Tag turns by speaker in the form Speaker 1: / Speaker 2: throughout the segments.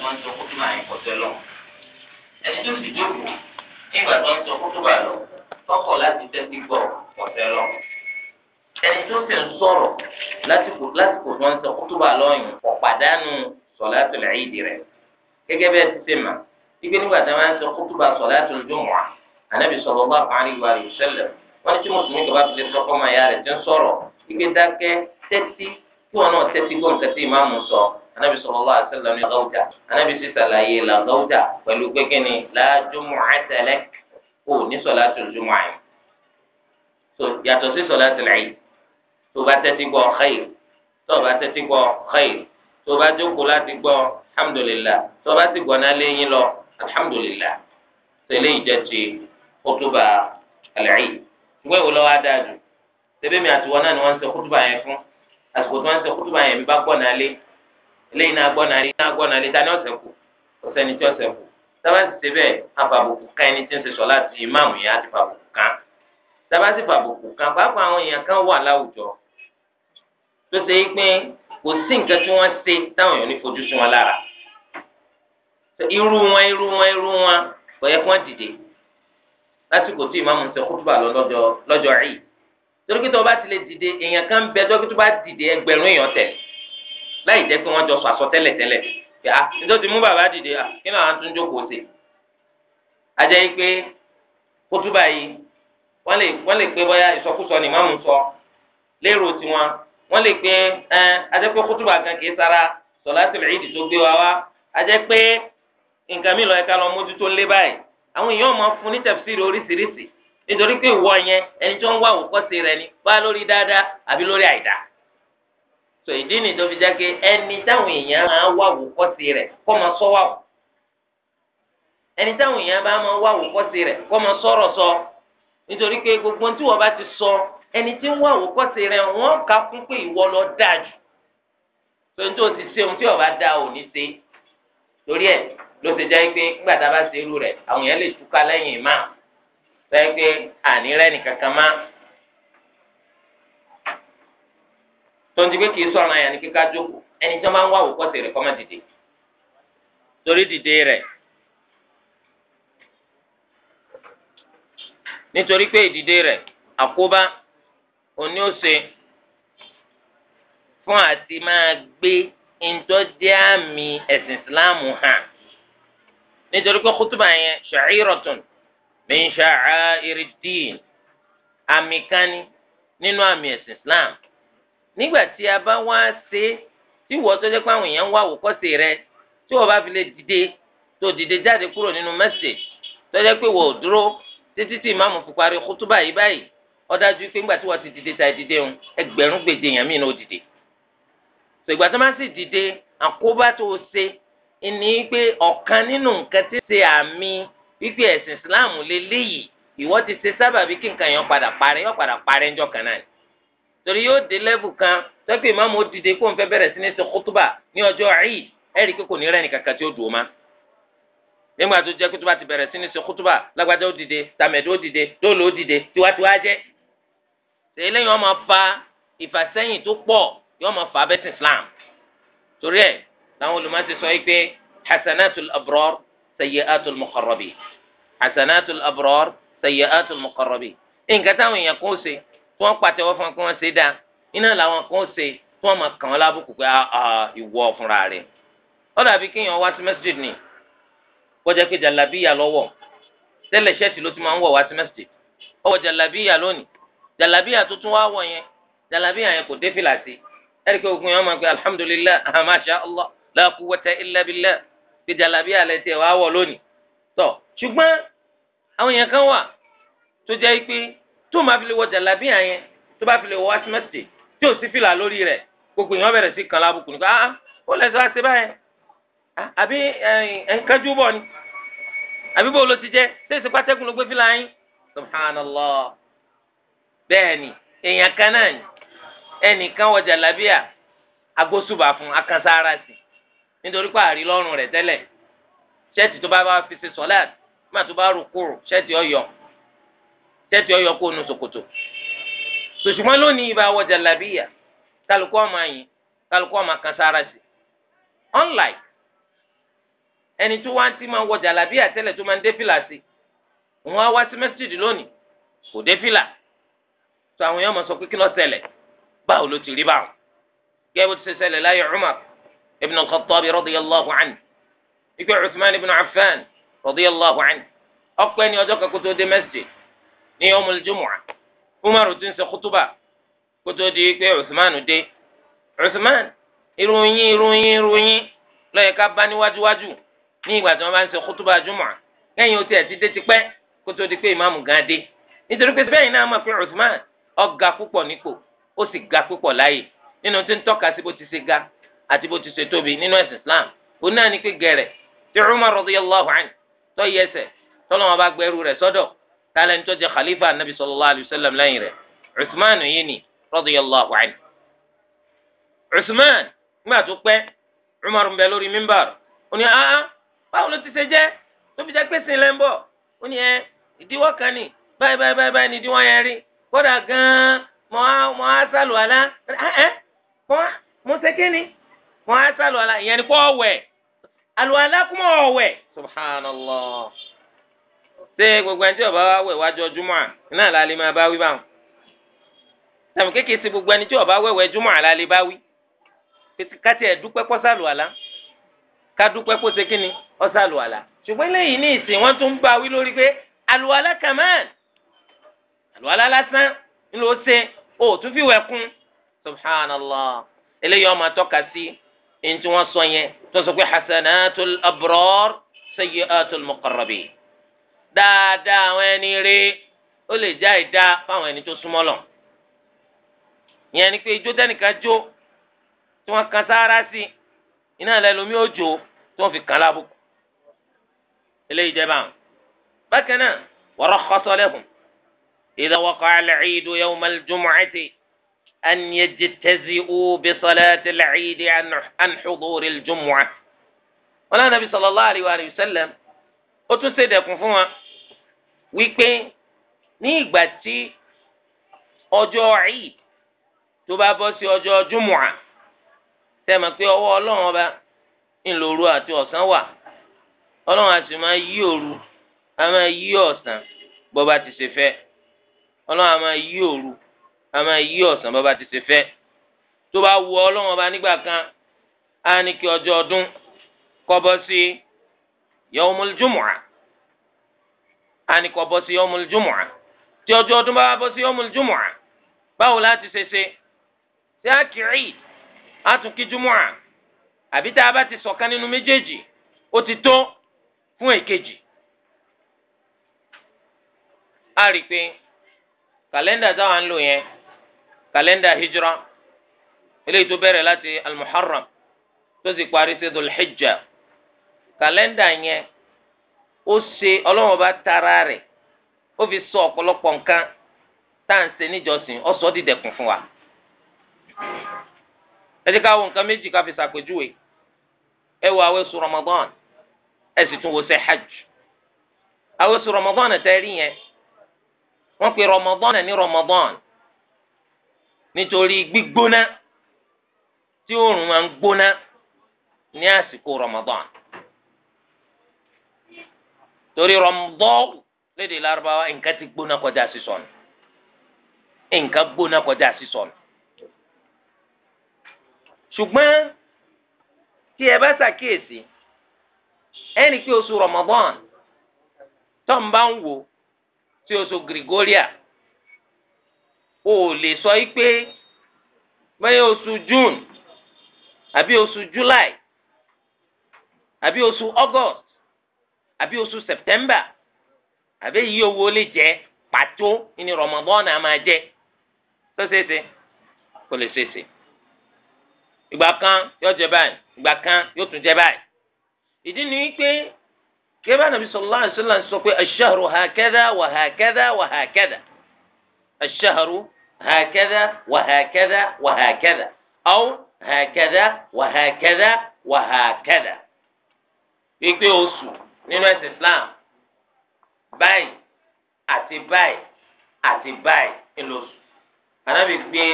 Speaker 1: tí wọ́n ń sọ kótó máa ń kọjọ lọ. ẹni tó sì jókòó nígbà tí wọ́n ń sọ kótó bá lọ tọkọ̀ láti tẹ́tí gbọ́ kọjọ lọ. ẹni tó sì ń sọ̀rọ̀ lásìkò lásìkò tí wọ́n ń sọ kótó bá lọ́yìn kò pàdánù sọ̀látùl ìdí rẹ̀. gẹ́gẹ́ bẹ́ẹ̀ ti ṣe mà wípé nígbà tí wọ́n ń sọ kótó bá sọ̀látùl jumu'ah ànábì sallallahu alaihi wa bá fi lè anabi sallallahu alaihi wasallam ní gawuta anabi sì sàlàyé la gawuta pẹ̀lú pékinni la jumu'ata lak kò ní salatul jumu'ah àyè tó yàtọ̀ sí salatul Eid tó bá tẹ́tí gbọ́ khair tó bá tẹ́tí gbọ́ khair tó bá jókòó láti gbọ́ alhamdulillah tó bá ti gbọ́ náà léyìn lọ alhamdulillah tẹ́lẹ̀ ìjẹ́tì kótóbà al-Eid ṣùgbọ́n ìwọ lọ́wọ́ adájú tẹ́bẹ́mi àtiwọ́ ni wọ́n ń ṣe kótóbà fún àsìkò tí wọ́n ń ṣe kótóbà yẹn ń eléyìí náà gbọ́nà rí náà gbọ́nà rí ta ni ọ̀sẹ̀ kù ọ̀sẹ̀ ni tí ọ̀sẹ̀ kù sábàtì ṣe bẹ́ẹ̀ afàbùkù kan ẹni tí ń ṣe sọ láti ìmáàmù yẹn àti fàbùkù kan sábàtì fàbùkù kan pàápàá àwọn èèyàn kan wà láwùjọ tó ṣe é pé kò sí nǹkan tí wọ́n ṣe táwọn èèyàn ní fojú sí wọn lára irú wọn irú wọn irú wọn kò yẹ kí wọ́n dìde lásìkò tí ìmáàmù ń ṣe kútùbà lọ lọ́jọ́ lọ́jọ́ rí torí pé tó bá ti lè dìde èèyàn kan bẹ tó bá dìde ẹgbẹ̀rún èèyàn tẹ̀lé láì jẹ́ pé wọ́n jọ sọ àsọ tẹ́lẹ̀ tẹ́lẹ̀ pé ah nítorí mú bàbá dìde ah kí náà tún jókòó sí. ajẹ́ yìí pé kótóbá yìí wọ́n lè wọ́n lè pé bóyá ìsọkúsọ ni mọ́mú sọ lérò tiwọn wọ́n lè pé ẹ ajẹ́ pé kótóbá kan kì í sara sọ̀látùl Ìídì tó gbé wa wá ajẹ́ pé nǹkan mi lọ ẹ̀ka lọ mójútó ń lé báyìí àwọn èèyàn máa fún ní tẹ̀fsíìrì oríṣiríṣi nítorí pé ìwọ yẹn ẹni tó ń wá òkọ́sẹ̀ rẹ ni bá lórí dáadáa àbí lórí tò ìdí ni tó fi jẹ́ pé ẹni táwọn èèyàn máa wá wòkọ́sí rẹ̀ kọ́ máa sọ wà wò ẹni táwọn èèyàn bá máa wá wòkọ́sí rẹ̀ kọ́ máa sọ̀rọ̀ sọ nítorí pé gbogbo tí wọ́n bá ti sọ ẹni tí ń wá wòkọ́sí rẹ̀ wọ́n kà kún pé ìwọ lọ dáa jù tó ń tó ti ṣe ohun tí ọba dá ò ní ṣe torí ẹ̀ ló ti jẹ́ pé nígbà tá a bá ṣe irú rẹ̀ àwọn èèyàn lè túká lẹ́yìn ìmáà sẹ́yìn pé àní rẹ̀ nìkankan máa tó ń di pé kì í sọ̀rọ̀ àyàn ní kíká jókòó ẹni tí wọ́n máa ń wá òkọ́sì rẹ̀ kọ́ máa dìde torí dìde rẹ̀ nítorí pé ìdìde rẹ̀ àkóbá òní ó ṣe fún àti máa gbé ìtọ́jú àmì ẹ̀sìn ìsìláàmù hàn nítorí pé kútùbà yẹn ṣàìrọ̀tún min ṣàìrì àmì kan ní nínú àmì ẹ̀sìn ìsìláàmù nígbà tí a bá wá ṣe tí wọ́n tó jẹ́ pé àwọn èèyàn ń wá àwòkọ́ṣe rẹ tí wọ́n bá fi lè dìde tó dìde jáde kúrò nínú mẹ́sàgì tó jẹ́ pé wọ́n ò dúró títí tí ìmáàmù fi parí kútúbà yìí báyìí ó dájú pé ńgbà tí wọ́n ti dìde ta ìdìde ń ẹgbẹ̀rún gbèdé èèyàn míì náà dìde tó ìgbà tó máa sì dìde àkóbá tó o ṣe ìní pé ọ̀kan nínú nǹkan ti ṣe àmì wípé ẹ̀sìn Islam lélẹ́yìí ìwọ ti ṣe sábàbí kí nǹkan yẹn torí yóò dé lẹ́bù kan tẹ́kù ìmáàmù ó dìde kó n fẹ́ bẹ̀rẹ̀ sí ní ṣe kútúbà ní ọjọ́ Eid ẹ̀rí kíkò ní rẹ́ni kankan tí ó dùn ó ma nígbà tó jẹ́ kútúbà ti bẹ̀rẹ̀ sí ní ṣe kútúbà lágbájá ó dìde tàmẹ̀dó ó dìde dóòlù ó dìde tiwantiwa jẹ́ tẹ̀lé yẹn wọ́n máa fa ìfàsẹ́yìn tó pọ̀ yọ́n máa fa bẹ́tì Islam torí ẹ̀ làwọn olùmọ̀ ti sọ yìí pé hasanatul abrar sayyiatul tí wọ́n pàtẹ́wọ́ fún wọn pé wọ́n ṣe dáa iná làwọn kan ṣe tí wọ́n máa kàn án lábùkù pé ah, ah, ìwọ fúnra rẹ̀ ó dàbí kéèyàn wá sí masjid ni kọjá pé jalabiya lọ́wọ́ tẹ́lẹ̀ ṣẹ́ẹ̀tì ló ti máa ń wọ̀ wá sí masjid ó Jalabi jalabiya lónìí jalabiya tuntun wá wọ̀ yẹn jalabiya yẹn kò dé fìlà sí ẹ̀ríkẹ́ ogun yẹn máa ń pè alhamdulillah allah la quwwata illa billah pé jalabi lẹ tiẹ̀ wá wọ̀ lónìí tọ́ ṣùgbọ́n àwọn yẹn kan wà tó jẹ́ pé tó máa fi lè wọ jàlábíà yẹn tó bá fi lè wọ asimẹsì tí ò sí fìlà lórí rẹ̀ gbogbo èèyàn bẹ̀rẹ̀ sí kan lábùkù nípa ah, ah ó lẹ́sọ̀ àti báyẹn ah, àbí ẹ̀ńkájú eh, eh, bọ̀ ni àbí bó ló ti jẹ́ ṣéèṣì pátẹ́kùn ló gbé fìlà yín subhanallah bẹ́ẹ̀ ni èèyàn kan náà ni ẹnìkan wọ jàlábíà agbósùbà fún akansára sí nítorí pé àrí lọ́rùn tẹ́lẹ̀ ṣẹ́ẹ̀tì tó bá fi ṣe sọ́láàtì má tó bá rò kúrò ṣẹ́ẹ̀tì ọ̀yọ́ tẹ́tí ọyọ kó nu ṣòkòtò sòṣùgbọ́n lónìí ibà wọ jalabiya kálukú ọmọ yìí kálukú ọmọ kan sára sí unlike ẹni tó wá ti máa wọ jalabiya tẹ́lẹ̀ tó máa ń dé fìlà sí òun á wá sí mẹ́sídìí lónìí kò dé fìlà tó àwọn èèyàn máa sọ pé kí ló ṣẹlẹ̀ báwo ló ti rí báwọn gẹ́gẹ́ bó ti ṣe ṣẹlẹ̀ láyé Umar ibn al-Khattab radiyallahu anhu ikú Uthman ibn Affan radiyallahu anhu ọpẹ́ ni ọjọ́ kan dé mẹ́sídìí ní ọmọ ìjọmọ̀à umaru ti ń ṣe kútúbà kó tó di pé usman dé usman ìròyìn ìròyìn ìròyìn ló yẹ ká bá níwájúwájú ní ìgbà tí wọ́n bá ń ṣe kútúbà jùmọ̀à lẹ́yìn o ti ẹ̀ ti dé tipẹ́ kó tó di pé ìmáàmù gan dé nítorí pé bẹ́ẹ̀ náà mọ̀ pé usman ọ̀gá púpọ̀ nípò ó sì ga púpọ̀ láyè nínú tí ń tọ́ka sí bó ti ṣe ga àti bó ti ṣe tóbi nínú ẹ̀sìn islam òun náà ni pé gẹ̀rẹ̀ tí umar radiyallahu anhu tó yẹsẹ̀ tọ́lọ́wọ́n bá gbẹrú rẹ̀ sọ́dọ̀ tálẹ̀ ń tọ́jú khalifa anabi sallallahu alayhi wa sallam lẹ́yìn rẹ̀ usman yìí ni radiyallahu anhu usman nígbà tó pẹ́ umar ń bẹ lórí mímbàr ó ní ah báwo ló ti ṣe jẹ́ tóbi jẹ́ pèsè lẹ́ńbọ̀ ó ní ẹ ìdíwọ́ kan ni báyìí báyìí báyìí báyìí ni ìdíwọ́ yẹn rí kódà gan-an mọ̀ á mọ̀ á sálù àlá ẹ mọ̀ ṣe kí ni mọ̀ á sálù àlá ìyẹn ni kò ọ̀wẹ̀ àlù kúmọ̀ ọ̀wẹ̀ subhanallah ṣé gbogbo ẹni tí ó bá wá wẹ̀ wájú ọjúmọ́ à náà la lè máa bá wí báwọn tàbí kékeré sí gbogbo ẹni tí ó bá wẹ̀wẹ̀ júmọ́ à la lè bá wí kátì ẹ̀ dúpẹ́ kó sálù àlá ká dúpẹ́ kó ṣe kíni ó sálù àlá ṣùgbọ́n eléyìí ní ìsìn wọ́n tún ń bá wí lórí pé àlùwàlá kàmáàn àlùwàlá lásán ńlọ ṣe ó tún fi wẹ̀ kún subhanallah eléyìí ọmọ tọ́ka sí ẹni tí wọ́n sọ yẹn tó sọ pé hasanatul abrar sayyiatul muqarrabin dáadáa àwọn ẹni rí ó lè já ìdá fáwọn ẹni tó súnmọ́ lọ. ìyẹn ni pé ijó tẹnìkan jó tí wọ́n kan sáárá sí iná ẹlẹ́lómi ó jó tí wọ́n fi kàn lábùkù. eléyìí jẹ́ báwọn. bákan náà warakhasa lahum idha waqa'a al-'eid yawm al-jum'ati an yajtazi'u bi salati al-'eid an huduri al-jum'ah. wọn náà nàbí sallallahu alayhi wa ó tún ṣe dẹ̀kun fún wa wípé ní ìgbà tí ọjọ́ Eid tó bá bọ́ sí ọjọ́ júmùà tẹ̀mọ̀ pé ọwọ́ ọlọ́run ọba ńlòru àti ọ̀sán wà ọlọ́run àti máa yí òru a máa yí ọ̀sán bọ́ba ti ṣe fẹ́ ọlọ́run a máa yí òru a máa yí ọ̀sán bọ́ba ti ṣe fẹ́ tó bá wù ọlọ́run ọba nígbà kan á ní kí ọjọ́ ọdún kọ́ bọ́ sí. Si yawmul jumu'a ànìkọ́ bọ́ sí yawmul jumu'a tí ọjọ́ ọdún bá bọ́ sí yawmul jumu'a báwo láti ṣe ṣe tí a kì í àtúnkí jumu'a àbí tá a bá ti ṣọ̀kan nínú méjèèjì ó ti tó fún èkejì. a rí i pé kàlẹ́ndà táwa ń lò yẹn kàlẹ́ndà hijra eléyìí tó bẹ̀rẹ̀ láti al tó sì parí sí dhul kalenda yẹn ó ṣe ọlọ́run ọba tara rẹ̀ ó fi sọ ọ̀pọ̀lọpọ̀ nǹkan tá à ń ṣe níjọsìn ó sọ di dẹ̀kùn fún wa. ẹ jẹ́ ká wo nǹkan méjì ká fi ṣàpèjúwe ẹ wo Ramadan ẹ sì tún wo ṣe hajj àwẹ̀ Ramadan tẹ́ rí yẹn wọ́n pe Ramadan ní Ramadan nítorí gbígbóná tí oòrùn máa ń gbóná ní Ramadan. torí rọmdọ́ọ̀ lédè lárúbáwá nǹkan ti gbóná kọjá sísọnù nǹkan gbóná kọjá sísọnù ṣùgbọ́n tí ẹ bá ṣàkíyèsí ẹnì kí oṣù rọmọbọ́n tó ń bá ń wò tí oṣù Gregoria o lè sọ yìí pé bẹ́ẹ̀ oṣù June àbí oṣù July àbí oṣù August àbí oṣù September àbí iye owó lè jẹ pàtó ní Ramadan náà máa jẹ tó ṣeéṣe kò lè ṣeéṣe ìgbà kan yóò jẹ báyìí ìgbà kan yóò tún jẹ báyìí ìdí ni wípé kébà nàbí sallallahu alaihi wasallam sọ pé ash-shahru hakadha wa hakadha wa hakadha ash-shahru hakadha wa hakadha wa hakadha aw hakadha wa hakadha wa hakadha wípé oṣù nínú ẹ̀sìn Islam báyìí àti báyìí àti báyìí ńlọsù anábì gbé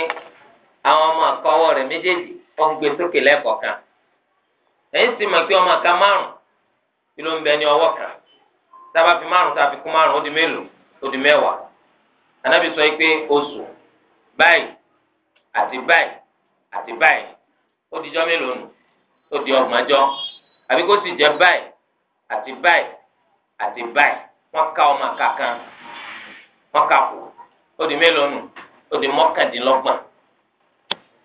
Speaker 1: àwọn ọmọ àkọwọ́ rẹ̀ méjèèjì ó ń gbé sókè lẹ́ẹ̀kọ̀ọ̀kan ẹ̀yìn sì mọ̀ pé ọmọ àka márùn kí ló ń bẹ ní ọwọ́ kan sábà fi márùn tá a fi kún márùn ó di mélòó ó di mẹ́wàá anábì sọ pé oṣù báyìí àti báyìí àti báyìí ó di jọ́ mélòó nù ó di ọgbọ̀njọ́ àbí kó sì jẹ́ báyìí àti báyìí àti báyìí wọ́n ká ọmọ kankan wọ́n ká kù ó di mélòó nù ó di mọ́kàndínlọ́gbọ̀n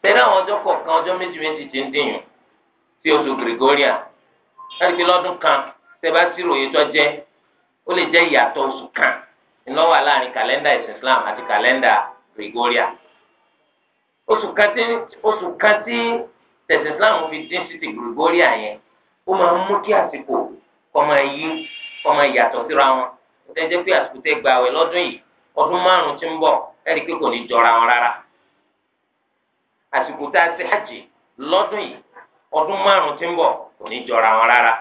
Speaker 1: tẹ́lẹ̀ àwọn ọjọ́ kọ̀ọ̀kan ọjọ́ méjì méjì ti ń dìyàn sí oṣù Gregorian láti fi lọ́dún kan tẹ́bá tí ròyìn ó lè jẹ́ ìyàtọ̀ oṣù kan ìnáwó aláàrin kàlẹ́ndà ìsìn Islam àti kàlẹ́ndà Gregorian oṣù kan tí oṣù kan tí tẹ̀sìn Islam fi dín sí ti Gregorian yẹn ó máa ń mú kí àsìkò kọma yí kọ́mọ yàtọ̀ síra wọn tẹ́jẹ́ pé àsìkò tẹ́ gba àwẹ̀ lọ́dún yìí ọdún márùn-ún ti ń bọ̀ ẹ̀rí pé kò ní jọra wọn rárá àsìkò tá a ti hajj lọ́dún yìí ọdún márùn-ún ti ń bọ̀ kò ní jọra wọn rárá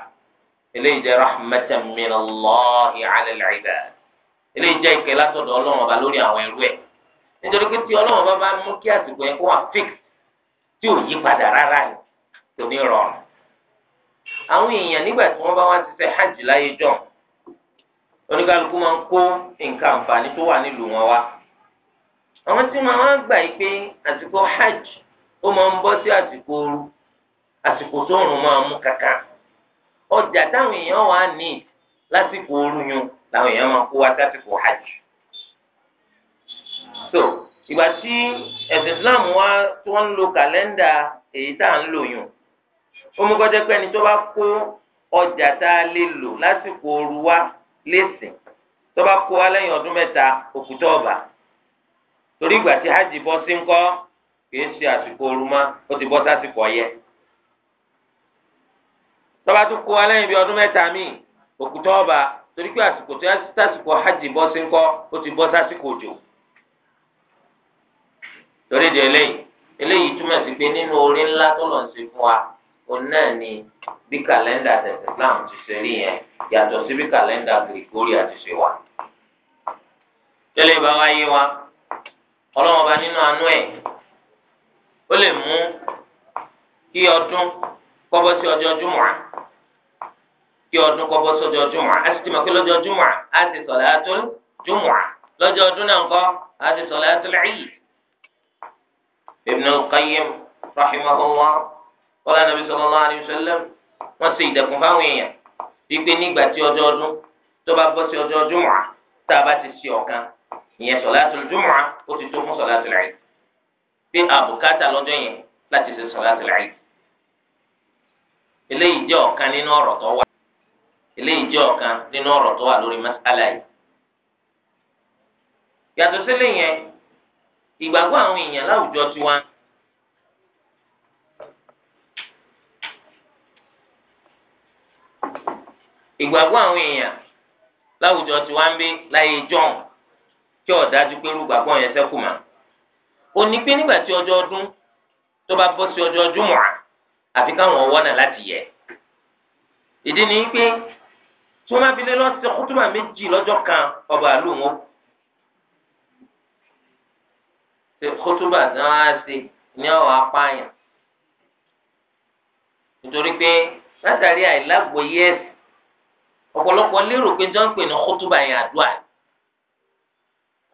Speaker 1: àwọn èèyàn nígbà tí wọ́n bá wá ti ṣe hajj láyé jọ oníkálukú máa ń kó nǹkan àǹfààní tó wà nílùú wọn wá àwọn tí wọ́n wá gbà yìí pé àsìkò hajj ó máa ń bọ́ sí àsìkò ooru àsìkò tóòrùn máa mú kankan ọjà táwọn èèyàn wà ní lásìkò ooru làwọn èèyàn máa kó wá sásìkò hajj so ìgbà tí ẹ̀sìn Islam wa tí wọ́n ń lo kàlẹ́ndà èyí tá à ń lò yun. omukọjẹ pé ẹni tó bá kó ọjà tá a lè lò lásìkò wa lẹ́sìn kó wa ọdún òkúta ọba torí ìgbà tí hajj bọ́ sí ńkọ́ kìí ṣe àsìkò ooru mọ́ ó ti sásìkò tún kó bí ọdún òkúta ọba torí pé àsìkò tó yá sásìkò hajj bọ́ sí ńkọ́ ó ti bọ́ sásìkò òjò torí di eléyìí túmọ̀ sí pé òun náà ni bí kàlẹ́ndà tẹ̀sán Islam ti ṣe rí yẹn yàtọ̀ sí bí kàlẹ́ndà Gregoria ti ṣe wà. tẹ́lẹ̀ bá wá yé wa ọlọ́wọ́n bá nínú àánú ẹ̀ ó lè mú kí ọdún kọ́bọ́ sí ọjọ́ jùmọ̀ kí ọdún kọ́bọ́ sí ọjọ́ jùmọ̀ á sì ti mọ̀ kí lọ́jọ́ jùmọ̀ á ti sọ̀látul jùmọ̀ lọ́jọ́ ọdún náà ńkọ́ á ti sọ̀látul Eid. Ibn al-Qayyim rahimahullah kọ́lá nàbí sallallahu alaihi wasallam wọ́n ṣe ìdẹ̀kùn fáwọn èèyàn wípé nígbà tí ọjọ́ ọdún tó bá bọ́ sí ọjọ́ jùmọ̀ tá a bá ti ṣe ọ̀kan ìyẹn sọ̀látul jùmọ̀ ó ti tó fún sọ̀látul Eid bí àbùkátà lọ́jọ́ yẹn láti ṣe sọ̀látul Eid eléyìí jẹ́ ọ̀kan nínú ọ̀rọ̀ tó wà eléyìí jẹ́ ọ̀kan nínú ọ̀rọ̀ tó wà lórí mas'ala yìí yàtọ̀ sílẹ̀ yẹn ìgbàgbọ́ àwọn èèyàn láwùjọ tiwa ìgbàgbọ́ àwọn èèyàn láwùjọ tí wọ́n ń bí láyé john kí ọ̀dájú pé irú ìgbàgbọ́ yẹn sẹ́kù mà. ó ní pé nígbà tí ọjọ́ ọdún tó bá bọ́ sí ọjọ́ júmọ̀ àfi káwọn wọ́nà láti yẹ. ìdí ni pé tí wọ́n bá fi lé lọ́sẹ̀ kútùmà méjì lọ́jọ́ kan ọba àlù wọn. kútùmà náà á ṣe ní àwọn apáyàn. nítorí pé látàrí àìlágbòye ẹ̀sìn ọ̀pọ̀lọpọ̀ lérò pé jọ́ ń pè ní kótóbà yẹn àdúrà ni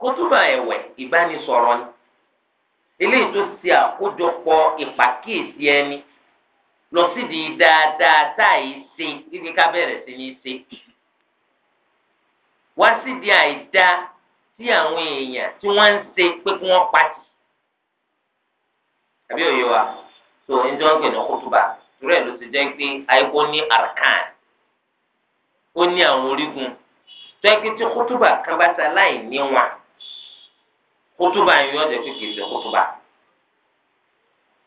Speaker 1: kótóbà ẹ̀wẹ̀ ìbánisọ̀rọ̀ ni eléyìí tó ti àkójọpọ̀ ìpàkíyèsí ẹni lọ sídìí dáadáa táyì ṣe kíkẹ́ ká bẹ̀rẹ̀ sí ní ṣe wá sídìí àìdá tí àwọn èèyàn tí wọ́n ń ṣe pé kí wọ́n pàtì àbí òye wa tó ń jọ́ ń pè ní kótóbà rẹ̀ ló ti jẹ́ pé àìkú ní arkan ó ní àwọn orígun tẹ́kí tí kútùbà kan bá ta láì níwọ̀n kútùbà yìí ọ̀dẹ̀ pé kìí ṣe kútùbà.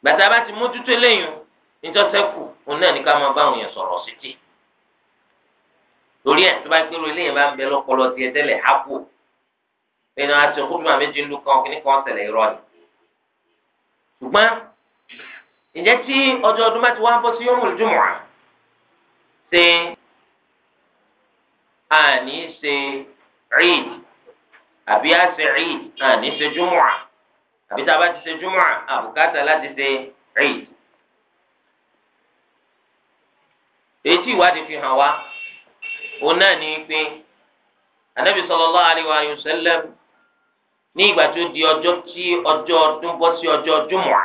Speaker 1: bàtà bá ti mójútó eléyìí nítọ́sẹ́kù òun náà ní ká máa bá àwọn yẹn sọ̀rọ̀ sétí. lórí ẹ̀ tó bá gbérò eléyìí bá ń bẹ lọ́pọlọ tiẹ̀ tẹ́lẹ̀ á kú. ẹnu àti kútùbà méjì ń kan kí kan tẹ̀lé irọ́ ni. ṣùgbọ́n ìjẹ́ tí ọjọ́ ọdún bá ti wá bọ́ sí yọ́mùl jùmùà ṣe àní ṣe Eid àbí a ṣe Eid àní ṣe júmọ̀à àbí tá a bá ti ṣe júmọ̀à àbùkátà láti ṣe Eid. èyí ìwádìí fi hàn wá òun náà ní pé anabi sallallahu alaihi wa sallam ní ìgbà tó di ọjọ́ tí ọjọ́ ọdún bọ́ sí ọjọ́ júmọ̀à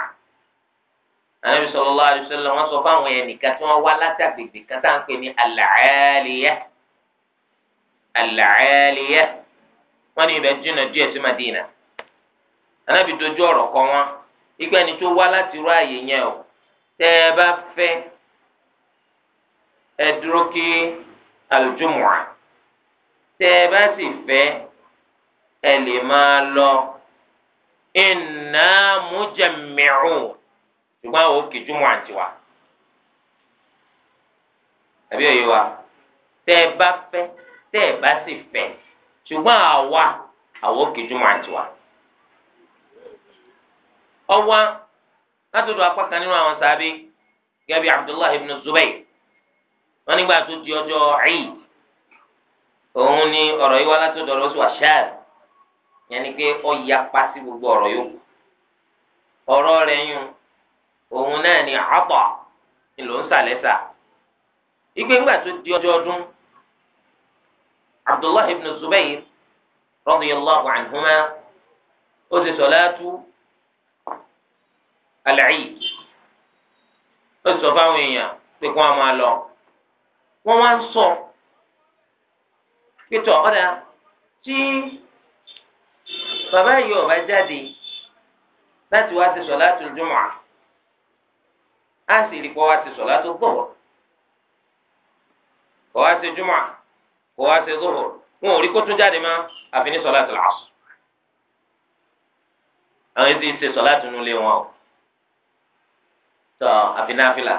Speaker 1: anabi sallallahu alaihi wa sallam wọ́n sọ fáwọn ẹnìkan tí wọ́n wá látàgbègbè kan tá à ń pè ní al al-'aliya wọ́n ní ibẹ̀ jìnnà díẹ̀ sí Madina anábì dojú ọ̀rọ̀ kọ wọn ìgbà ẹni tó wá láti rú àyè yẹn o tẹ́ ẹ bá fẹ́ ẹ dúró kí al-jumu'ah ẹ bá sì fẹ́ ẹ lè máa lọ inna mujammi'un ṣùgbọ́n àwọn òkè jùmọ̀ àti àbí òye wa tẹ́ ẹ bá fẹ́. tẹ́ ẹ̀ bá sì fẹ́ ṣùgbọ́n àwa àwọ̀ kejìmọ̀ àtiwà. ọwọ́ látọ̀dọ̀ apá kan nínú àwọn sábẹ́ gẹ́bí Abdullahi ibn Zubayr wọ́n nígbà tó di ọjọ́
Speaker 2: òun ni ọ̀rọ̀ yìí wá látọ̀dọ̀ ọ̀rọ̀ ya
Speaker 1: wàṣáàd yẹn ni pé yapa sí gbogbo ọ̀rọ̀ yòókù ọ̀rọ̀ rẹ̀ yún òun náà ni àpọ̀ ńlò ń sàlẹ̀ sà ìgbéǹgbà di ọjọ́ ọdún abdullahi ibn zubair radiyallahu anhuma ó ti sọ̀láàtú al-Eid ó ti sọ fáwọn èèyàn pé kí wọ́n máa lọ wọ́n máa ń sọ pé tọ́ ọ̀dà tí bàbá yìí ọba jáde láti wá ti sọ̀láàtú jumu'ah á sì rí pọ́ wá ti sọ̀láàtú gbọ̀wọ̀ kọ́ wá ti jumu'ah kó wá ṣe zuhur wọn ò rí kó tún jáde má àfi ní sọlá tìlá ọsùn àwọn ẹni tí ń ṣe sọlá tìlú lé wọn o tọ àfi náfìlà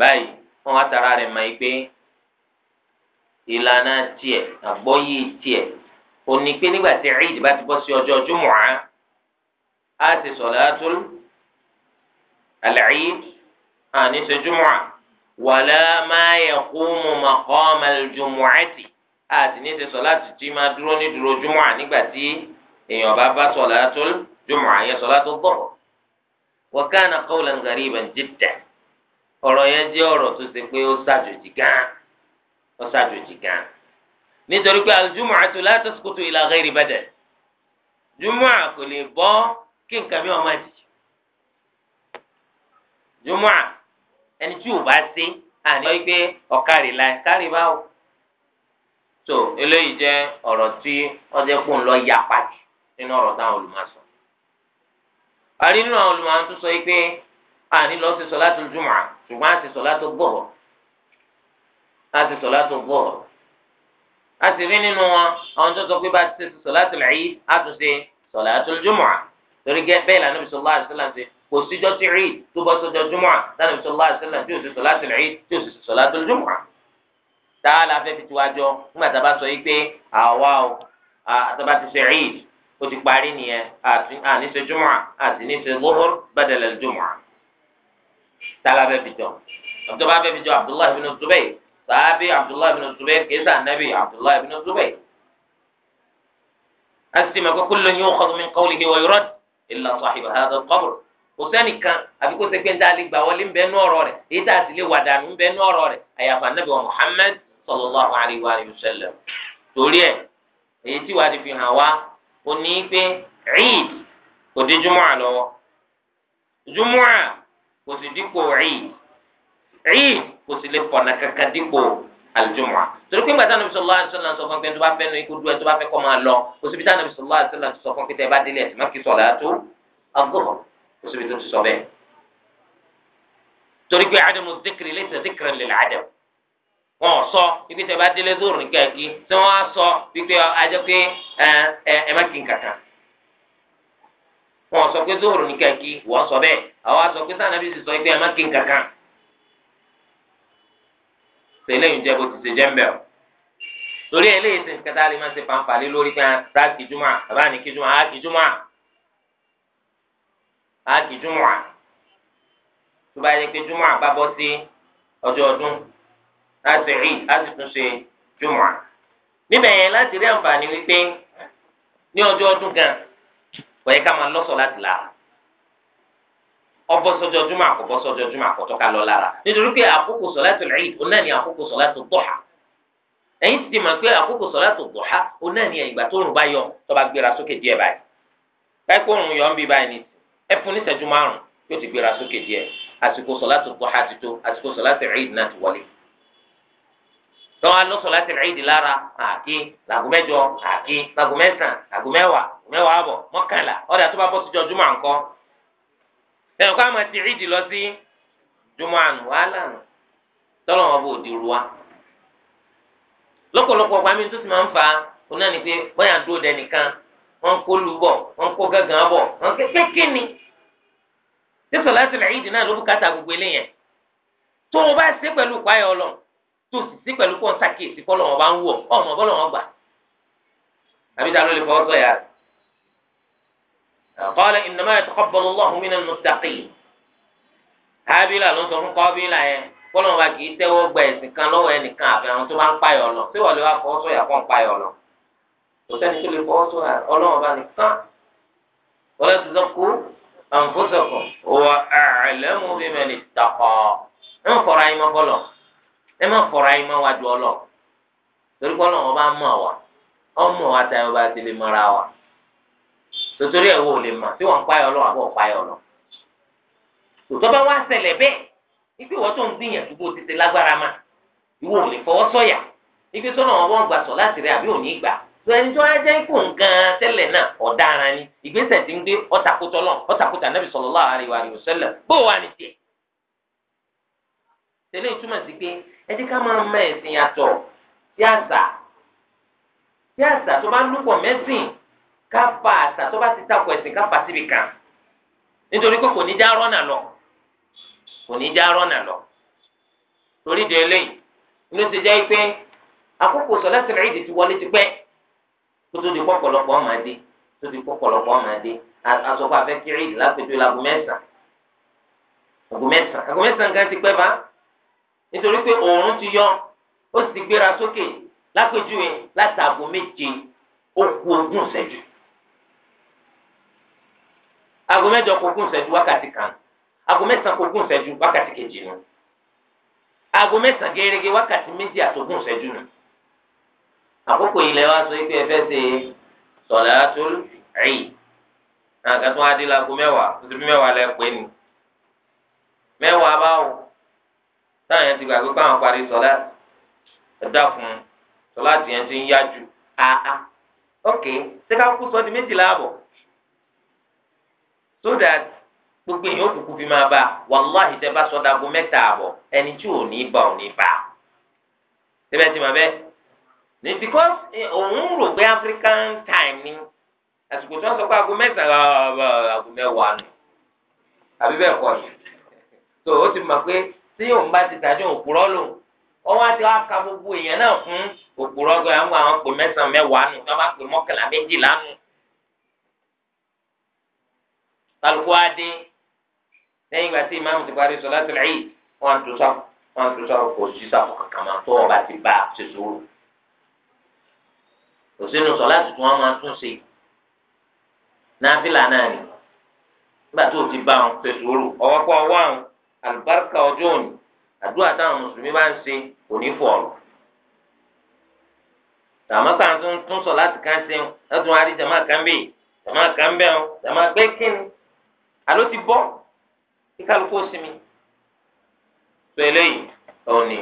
Speaker 1: báyìí wọn wá tara rẹ̀ mọ ìpè ìlànà tiẹ̀ àgbọ́yé tiẹ̀ òní pé nígbà tí Eid bá ti bọ́ sí ọjọ́ jùmọ̀á á ti sọlá tìlú al àní ṣe jùmọ̀á wàlá máa yẹ kó mu màkọ́mà jùmùátì àti ní ti sọlá ti tí máa dúró ní dúró jùmùá nígbà tí èèyàn bá bá sọlá tó jùmùá yẹ sọlá tó gbọ̀. wa kana qawlan ghariban jiddan ọ̀rọ̀ yẹn jẹ́ ọ̀rọ̀ tó ṣe pé ó ṣàjòjì gan ó ṣàjòjì gan nítorí pé al-jumu'atu la tasqutu ila ghairi badal jùmùá kò lè bọ́ kí nǹkan mi ò máa jì jùmùá ẹni tí ò bá sí àní wọ́n gbé ọ̀kárì láì kárì báwò. tó eléyìí jẹ́ ọ̀rọ̀ tí ọjọ́ kò ń lọ ya pàtì nínú ọ̀rọ̀ táwọn olùmọ̀sọ. àrí nínú àwọn olùmọ̀sọ tó sọ pé àní lọ sí sọlátù jùmọ̀ ṣùgbọ́n àti sọlátù gbọ̀rọ̀ láti sọlátù gbọ̀rọ̀ a sì rí nínú wọn àwọn tó sọ pé bá ti sọlátù làyí àtúnṣe sọlátù jùmọ̀ torí gẹ́ bẹ́ẹ̀ lànà Ànábì sallallahu alaihi wasallam kò síjọ́ ti rí tó bá sọjọ́ júmọ̀ sani bisalòlá àṣẹlẹ̀ tí o sì sọlá tó rí tí o sì sọlá tó júmọ̀ tá a la fẹ́ fi tiwa jọ nígbà tá a bá sọ yìí pé àwa o àtàbà ti ṣe rí o ti parí nìyẹn àní ṣe júmọ̀ àti ní ṣe lóhùr bàdàlẹ̀ júmọ̀ tá a la fẹ́ fi jọ àtàbà fẹ́ fi jọ Abdullahi bin Zubayr sàábì Abdullahi bin Zubayr kìí nàbì Abdullahi bin Zubayr asima kó kullun yukhadhu min qawlihi wa kò sẹ́nìkan àbí kó sẹ́pẹ́ ńdá lè gbà wọlé ńbẹ́ nú ọ̀rọ̀ rẹ̀ èyí tá a sì lè wà dànù ńbẹ́ nú ọ̀rọ̀ rẹ̀ àyàfà nàbì wa Muhammad sallallahu alayhi wa sallam. torí ẹ èyí tí wàá di fi hàn wá ó ní pé Eid kò dé jumu'a lọ́wọ́ jumu'a kò sì dípò Eid Eid kò sì lè pọ̀nà kankan dípò aljumu'a torí pé gbàtà nàbì sallallahu alayhi sọ fún pé tó bá fẹ́ nu ikú dúró tó bá fẹ́ kọ́ máa lọ kò síbi tá nàbì sallallahu alayhi sọ fún pé tẹ síbi tó sọ bẹ́ẹ̀ torí pé adamu zikiri lẹsẹ zikiri lẹlẹ adamu wọn ò sọ ibi tẹ bá délé zoro ní kẹkí tí wọn á sọ wípé ajẹ pé ẹ ẹ má kí n kankan wọn ò sọ pé zoro ní kẹkí wọn sọ bẹ́ẹ̀ àwọn á sọ pé sànàbí sì sọ pé ẹ má kí n kankan tẹ́lẹ̀ yìí bó ti ṣe jẹ o torí ẹ léyìí sìn kẹta lè má ṣe fanfà lé lórí kan rà kìjúmọ àbá kìjúmọ àá kìjúmọ àákì júmọ̀ à tó bá yẹ pé júmọ̀ à bá bọ́ sí ọjọ́ ọdún láti rí láti tún ṣe júmọ̀ à níbẹ̀ yẹn láti rí àǹfààní wípé ní ọjọ́ ọdún gan kò yẹ ká máa lọ́sọ̀ láti là ọbọ sọjọ júmọ̀ àkọ́bọ sọjọ júmọ̀ àkọ́tọ́ ká lọ lára nítorí pé àkókò sọ̀láàtù Eid òun náà ní àkókò sọ̀láàtù Duha ẹ̀yin ti ti mọ̀ pé àkókò sọ̀láàtù Duha òun náà ní ìgbà tó òrùn bá yọ tó bá gbéra sókè díẹ̀ báyìí báyìí kó òrùn yọ ń bí báyìí ní ẹ fún ní ìṣẹ́jú márùn yóò ti gbéra sókè díẹ̀ àsìkò sọ̀láàtì duha ti tó àsìkò sọ̀láàtì Eid náà ti wọlé tọ́wọ́ alọ́ sọ̀láàtì Eid lára àáké làgùn mẹ́jọ àáké làgùn mẹ́sàn làgùn mẹ́wàá mẹ́wàá bọ̀ mọ́kànlá ọ̀dà tó bá bọ́ síjọ júmọ̀ àǹkọ́ ẹnìkọ́ àmọ́ ti Eid lọ sí júmọ̀ àná wàhálà nù tọ́lọ́ wọn bò di ruwa lọ́pọ̀lọpọ̀ ọ̀pá tó ti máa ń fa onáni pé bọ́yà dúró dẹnìkan wọ́n kó lu bọ̀ wọ́n kó gángan bọ̀ wọ́n kékeré ṣé sọláṣí lẹ́yìn ìdí náà ló bùkátà gbogbo eléyẹn tó o bá ṣe pẹ̀lú ìpáyà ọlọ tó sì ṣe pẹ̀lú kó n ṣàkíyèsí kọ́ lọ́wọ́ bá ń wọ̀ ọmọ bọ́ lọ́wọ́ gbà àbíta ló lè fọwọ́ sọ yàrá. قال إنما يتقبل الله من المتقين hábílà ló ń sọ fún kọ́bílà yẹn kọ́lọ́mù bá kì í tẹ́wọ́ gba ẹ̀sìn kan lọ́wọ́ ẹnìkan àfi àwọn tó bá ń payọ̀ lọ tí wọ́n lè wá fọwọ́ sọ̀yà fún payọ̀ lọ. kò sẹ́ni tó lè fọwọ́ sọ anfusakum wa a'lamu biman ittaqa ẹ má fọra yín má fọlọ ẹ má fọra yín má wájú ọlọ torí kọ́ lọ́wọ́ bá mọ̀ wá ọmọ wa tayọ bá ti lè mọra wa tòtòrí ẹ̀ wò lè mọ̀ tí wọ́n ń payọ̀ lọ àbọ̀ payọ̀ lọ tòtọ́ bá wá ṣẹlẹ̀ bẹ́ẹ̀ ipe wọ́n tó ń gbìyànjú bó ti lágbára ma ìwọ ò lè fọwọ́ sọ̀yà ipe tó náà wọ́n gbà sọ láti rẹ̀ àbí òní gbà ẹni tó wáá jẹ́ ipò nǹkan tẹ́lẹ̀ náà ọ̀daràn ni ìgbésẹ̀ ndị ń gbé ọ̀tàkùtọ̀ lọ ọ̀tàkùtà nàbì sallallahu alaihi wa sallam bó wà ní tiẹ̀. tẹ́lẹ̀ ìtumọ̀ sí pé ẹni ká máa mọ ẹ̀sìn yàtọ̀ sí àṣà tó bá lúpọ̀ mẹ́sìn ti ẹ̀sìn ká fa síbi lọ kò ní lọ torí de eléyìí ló ti jẹ́ pé kó tó di pọ̀pọ̀lọpọ̀ ọmọ adé tó di pọ̀pọ̀lọpọ̀ ọmọ adé asọ̀kọ afẹ́kiri lápẹjọ lago mẹ́sàn ago mẹ́sàn ago mẹ́sàn gan ti pẹ́ bá nítorí pé òòrùn ti yọ ó sì ti gbéra sókè lápẹjúwe láti ago méje ó kù ogún ṣẹ́jú ago mẹ́jọ kò gún ṣẹ́jú wákàtí kan ago mẹ́sàn kò gún ṣẹ́jú wákàtí kejì nù ago mẹ́sàn gẹ́gẹ́ wákàtí méjì àtògún ṣẹ́jú nù àkókò ilẹ̀ wa sọ pé ẹ fẹ́ ṣe sọ̀làtúl Eid náà kẹ́tọ́ wá dé lago mẹ́wàá tuntun mẹ́wàá lẹ pé ni mẹ́wàá báwo táwọn yẹn ti gbàgbé pé àwọn parí sọ̀lá ẹ̀dá fún sọ̀lá tìyẹn ti ń yá ju àá ok ṣé ká kú sọ di méjìlá àbọ̀ so that gbogbo èèyàn òkùnkù fi máa bá wàláhì tẹ bá sọ dago mẹ́ta àbọ̀ ẹni tí ò ní bá ò ní bá síbẹ̀ tí màá bẹ́ẹ̀ ní because eh, òun rò pé African time ni àsìkò tí wọ́n sọ pé aago mẹ́sàn-án aago mẹ́wàá nù àbí bẹ́ẹ̀ kọ́ ni tó o ti mọ̀ pé tí òun bá ti tàjú òpùrọ́ lò ọwọ́ àti wàá ka gbogbo èèyàn náà fún òpùrọ́ gbọ́ àwọn àwọn pè mẹ́sàn-án mẹ́wàá nù tí wọ́n bá pè mọ́kànlá méjìlá nù. kálukú á dé lẹ́yìn ìgbà tí ìmáàmù ti parí sọ láti rẹ̀ yìí wọ́n á tún sọ wọ́n á tún sọ kò sí sọ kankan máa tó ọba ti bá a ṣe sòrò kò sínú sọlá tuntun wọn máa tún ṣe náfìlà náà ni nígbà tó ti bá wọn pè sùúrù ọwọ́ pọ̀ ọwọ́ àwọn àlùbáríkà ọjọ́ òní àdúrà táwọn mùsùlùmí bá ń ṣe kò ní fọ̀ ọ̀rọ̀ tàmá kan tó ń tún sọ láti kán ṣe lọ́tún adé jàmá kan bẹ́ẹ̀ jàmá kan bẹ́ẹ̀ jàmá pé kí ni àló ti bọ́ kí sinmi pẹ̀lẹ́ yìí ọ̀nì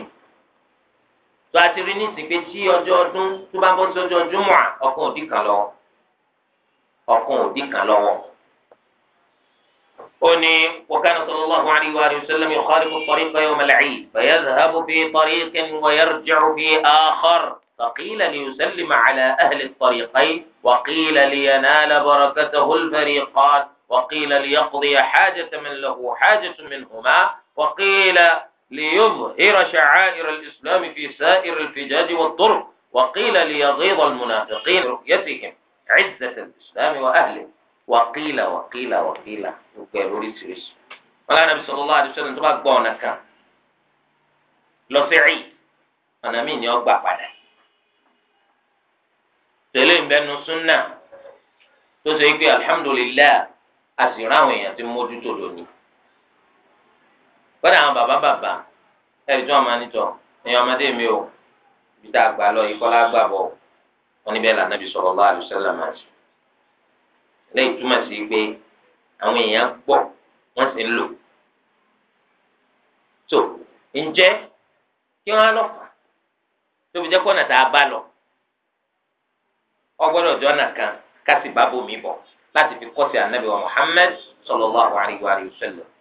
Speaker 1: tó a ti rí ní ìsìnkú tí ọjọ́ ọdún tó bá bọ́ sí ọjọ́ júmọ̀ ọkàn òdì kan lọ́wọ́ ọkàn òdì kan lọ́wọ́. ó ní wọ́kànnà sallallahu alayhi wa sallam yukhalifu tariqa yawm al-eid fayadhhabu fi tariqin wa yarji'u fi akhar فقيل ليسلم على أهل الطريقين وقيل لينال بركته الفريقان وقيل ليقضي حاجة من له حاجة منهما وقيل ليظهر شعائر الإسلام في سائر الفجاج والطرق وقيل ليغيظ المنافقين رؤيتهم عزة الإسلام وأهله وقيل وقيل وقيل وقيل وقيل وقيل ولا النبي صلى الله عليه وسلم تبقى قونا كان lọ أنا مين يوقع بعد سليم بأن السنة padà الحمد لله súnà tó ṣe kọ́dà àwọn bàbá bàbá ẹ̀rí tí wọ́n máa nítọ̀ ẹ̀yin ọmọdé mi o ibi tá a gbà lọ yìí kọ́lá gbà bọ̀ wọn níbẹ̀ là nàbì sallallahu alaihi wasallam máa ṣe lẹ́yìn túmọ̀ sí pé àwọn èèyàn gbọ́ wọ́n sì ń lò tó ǹjẹ́ kí wọ́n á lọ fà tóbi jẹ́ kọ́nà tá a bá lọ ọgbọ́dọ̀ jọ́nà kan kásì bá bòmí bọ̀ láti fi kọ́sì ànábì wa Muhammad sallallahu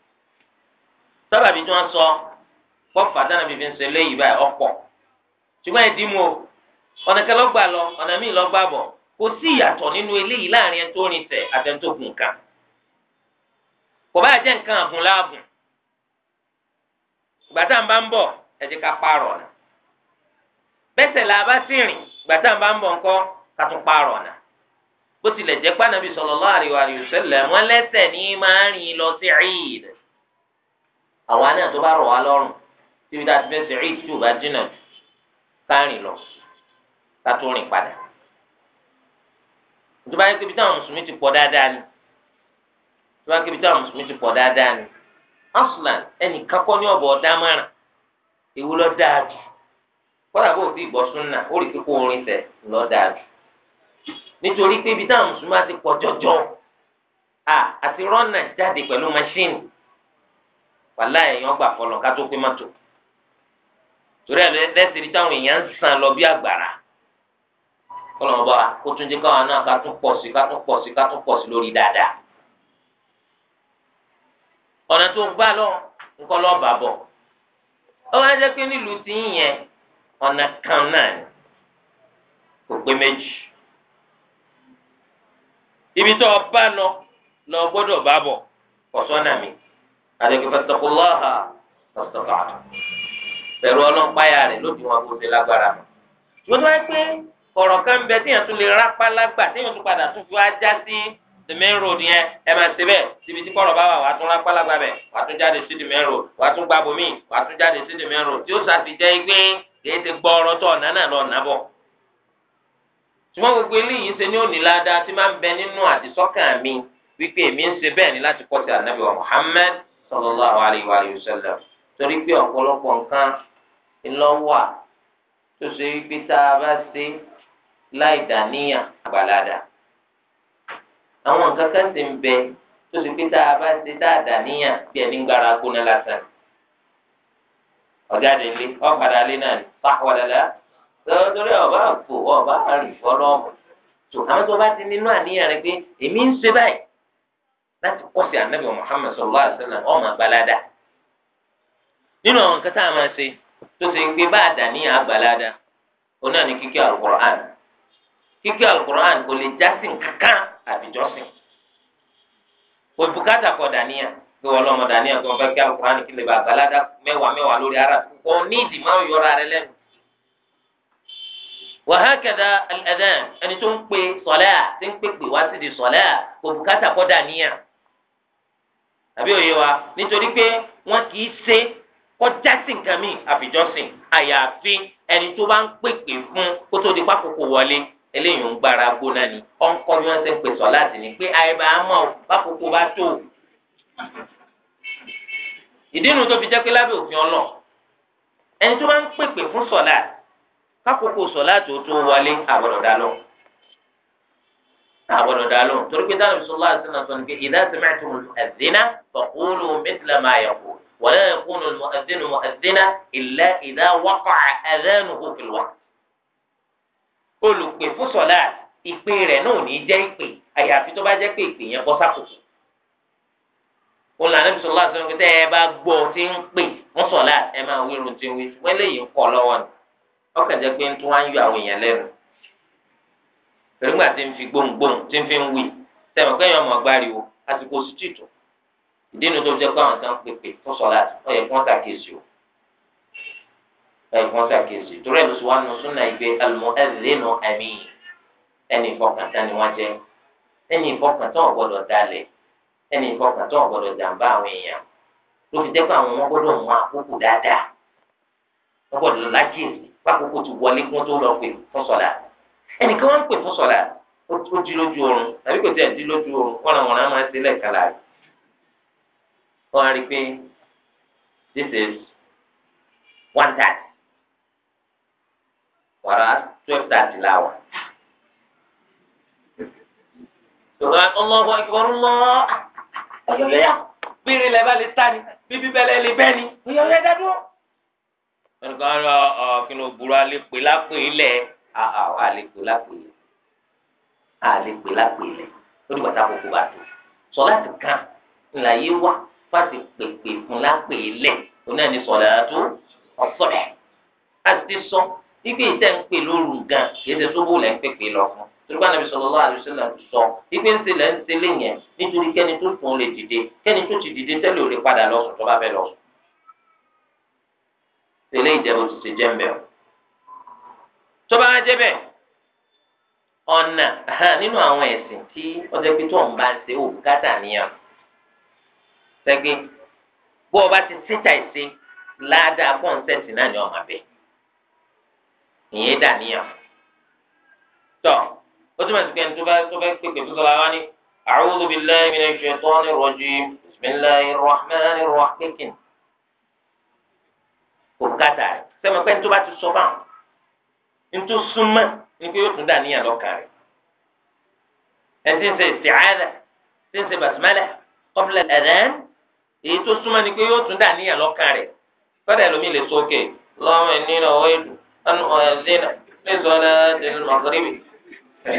Speaker 1: sábàbí tí wọ́n sọ pọ́pà dáná bíbí ń ṣe léyìí báyìí ọ̀pọ̀ ṣùgbọ́n ẹ̀dín mu o ọ̀nà lọ ọ̀nà míì lọ́gbà bọ̀ kò sí ìyàtọ̀ nínú eléyìí láàrin ẹni tó rin tẹ̀ tó gùn kò bá jẹ́ nǹkan láàbùn gbàtà ń bá ń bọ̀ ká bẹ́sẹ̀ bá sì rìn gbàtà ń bá ń bọ̀ àwa náà tó bá rọ̀ wá lọ́rùn síbi tá a ti fẹ́ lọ ká tó rìn padà tó bá yẹ kébi táwọn mùsùlùmí ti pọ̀ dáadáa ni tó bá kébi táwọn mùsùlùmí ti pọ̀ dáadáa ni aslan ní ọ̀bọ̀ dáa jù kọ́dà bó fi súnà ó rí ti pọ̀ jáde pẹ̀lú wàhálà èèyàn gbà fọlọ ká tó pé torí ẹ̀ lẹ́sìn táwọn èèyàn ń lọ bí àgbàrá kọlọmọba kó tún jẹ káwọn náà ká tún pọ̀ sí ká tún sí ká tún sí lórí dáadáa ọ̀nà tó gbà lọ nǹkan bà ó wá ibi tó o bá lọ lọ bá bọ̀ àdéhùn fẹsọkùlọ́hà fẹsọkàtà pẹ̀lú ọlọ́pàá rẹ̀ lóde wọn kò dé lágbára mọ́. ṣùgbọ́n tó wáyé pé ọ̀rọ̀ kan bẹ téèyàn tún lè rápá lágbà téèyàn tún padà tún fi wá já sí the main road yẹn ẹ máa ṣe bẹ́ẹ̀ síbi tí kọ̀rọ̀ bá wà wàá tún rápá lágbà bẹ̀ wàá tún jáde sí the main road wàá tún gba bomi wàá tún jáde sí the main road tí ó sàti jẹ́ pé kìí ti gbọ́ ọ̀rọ̀ tó ọ̀nà náà lọ́ọ̀nà bọ̀. ṣùgbọ́n gbogbo ni ó ní ládàá tí máa ń bẹ nínú àdìsọ́kàn mi wípé èmi ń Muhammad sallallahu alaihi wa sallam torí pé ọ̀pọ̀lọpọ̀ nǹkan ńlọ́wà tó ṣe wípé tá a bá ṣe láì dàníyàn àgbàládà àwọn nǹkan kan ti ń bẹ tó ṣe pé tá a bá ṣe tá a dàníyàn bí ẹni ń gbára gbóná lásán ọ̀jáde lé ọ̀padà lé náà ní pàwọ́dàdà torí ọba àpò ọba àrùn fọlọ́ọ̀mù tó àwọn tó bá ti nínú àníyàn rẹ pé èmi ń ṣe báyìí láti pọ̀ sí anabi muhammed sallallahu alayhi wa sallam ọmọ àgbàládà nínú àwọn nǹkan tá a máa ṣe tó ṣe gbé bá àdàníyàn àgbàládà òun náà ní kíkí alukur'an kíkí alukur'an kò lè jásìn kankan àbíjọ́sìn kò bùkátà kọ dàníyàn kí wọn lọ́mọ dàníyàn kí wọn bá kí alukur'an kí lè bá àgbàládà mẹ́wàá mẹ́wàá lórí ara kò ní ìdìmọ̀ yọra rẹ lẹ́nu. wàhákẹ́dà ẹ̀dẹ́n ẹni tó ń pe sọ̀lẹ́ à ń pèpè wá sí di kò bùkátà kọ dàníyàn
Speaker 2: àbí òye wa nítorí pé
Speaker 1: wọn kì í ṣe kọjá sí nǹkan mi àfijọ́sìn àyàfi ẹni tó bá ń pèpè fún kó tó di pákòkò wọlé eléyìí ń gbára gbóná ni ọ ń kọ́ bí wọ́n ṣe ń pèsè ọ̀láàdì ni pé àyẹ̀bá àmọ́ pákòkò bá tó ìdí nu tó fi jẹ́ pé lábẹ́ òfin ọlọ́ ẹni tó bá ń pèpè fún sọ̀lá pákòkò sọ̀lá tó tó wọlé àbọ̀dọ̀dá lọ
Speaker 2: àbọ̀dọ̀ dá lóhùn
Speaker 1: torí pé dáhùn sọlá àti sọlá sọ ni pé ìdá sẹ́mi àti mùsàdínà fọ̀kúnù mẹ́tìlá máa yẹ kú wọ́lẹ́ ẹ̀kúnù mùsàdínù mùsàdínà ìlà ìdá wákọ̀ àdánù òkè wá. olùpè fún sọlá ìpè rẹ̀ náà ní jẹ́ ìpè àyàfi tó bá jẹ́ pé ìpè yẹn bọ́ sákòókò. ó lànà bisalòlá sọ pé tẹ́ ẹ bá gbọ́ tí ń pè fún sọlá ẹ máa wí nígbà tí ń fi gbóngbóng tí ń fi ń wì sẹ́wọ̀n kẹ́yìn ọmọ gbáriwo àsìkò sítìtù ìdí inú tó jẹ́ pé àwọn kan pèpè fún sọ̀lá ọ̀yẹ̀ kí wọ́n ṣàkíyèsí o ọ̀yẹ̀ kí wọ́n ṣàkíyèsí torí ẹ̀ ló sọ wá nù súnà ìgbé al-mu'adhdhinu amin ẹni ìfọkàntán ni wọ́n jẹ́ ẹni ìfọkàntán ọ̀gbọ́dọ̀ dalẹ̀ ẹni ìfọkàntán ọ̀gbọ́dọ̀ jàǹbá àwọn èèyàn ló fi jẹ́ pé àwọn wọn gbọ́dọ̀ mú àkókò dáadáa wọ́n gbọ́dọ̀ lákìyèsí pákókò ti wọlé kí wọ́n tó lọ pè fún sọ̀lá ẹnìkan wọn ń pè fún sọlá ó di lójú oorun tàbí kò tí ẹ di lójú oorun kọ́nà wọn máa ṣe lẹ́ẹ̀kan láàyè wọn á rí i pé this is one thirty wàrà twelve thirty láwà. ọlọ́wọ́ ìkọrún lọ ọ̀yọ̀yọ̀ bírí lẹ bá lè ta ni bíbí bẹ́lẹ̀ lè bẹ́ ni ọ̀yọ̀yọ̀ dádúró. ẹnìkan ọ kí ló burú alẹ́ pé lápè ilẹ̀ àà àlèkò lápèlè àlèkò lápèlè lórí bàtà kókó bá tó sọlá ti kàn ńlá yé wá fáti pèpè fún lápèlè oní ẹni sọlá tó ọsọlẹ láti ti sọ ibi ìtẹ̀ ń pè lóru gan kìí ṣe sóbò lẹ́ ń pèpè lọ fún tolúkọ anabi sallallahu alaihi wasallam sọ ibi ń ṣe lẹ́ ń ṣe léyìn nítorí kẹ́ni tó tún lè dìde kẹ́ni tó ti dìde tẹ́lẹ̀ ò lè padà lọ sùn tó bá fẹ́ lọ sùn. ìjẹun ti ṣe jẹ́ mbẹ́ o tọ́ba á jẹ́ bẹ́ẹ̀ ọ̀nà nínú àwọn ẹ̀sìn tí ọjọ́ pé tó ń bá ń ṣe òbúkátà níyàn sẹ́gbẹ́ bó ọba ti síta ìṣe ládàá kọ́ńsẹ̀tì náà ni ọmọ abẹ ìyẹn dà níyàn tọ́ ó túmọ̀ sí pé ẹni tó bá tó bá pèpè tó sọ̀rọ̀ wá ní a'udhu billahi minash shaitanir rajim bismillahir rahmanir rahim òbúkátà rẹ̀ sẹ́mi pé ẹni tó ti sọ báwọn ntò súnmọ́ ikú yóò tún dà níyàn lọ́kàn rẹ̀ ẹ̀ ti ń ṣe isti'adha ti ń ṣe basmala qabla al-adhan èyí tó súnmọ́ ni pé yóò tún dà níyàn lọ́kàn rẹ̀ fẹ́rẹ̀ lómi lè so òkè lọ́wọ́ ẹni náà wọ́n èlò ẹnu ọ̀ẹ́dínà lẹ́sọ̀ọ́ náà ti ń mọ̀gírìbì. rí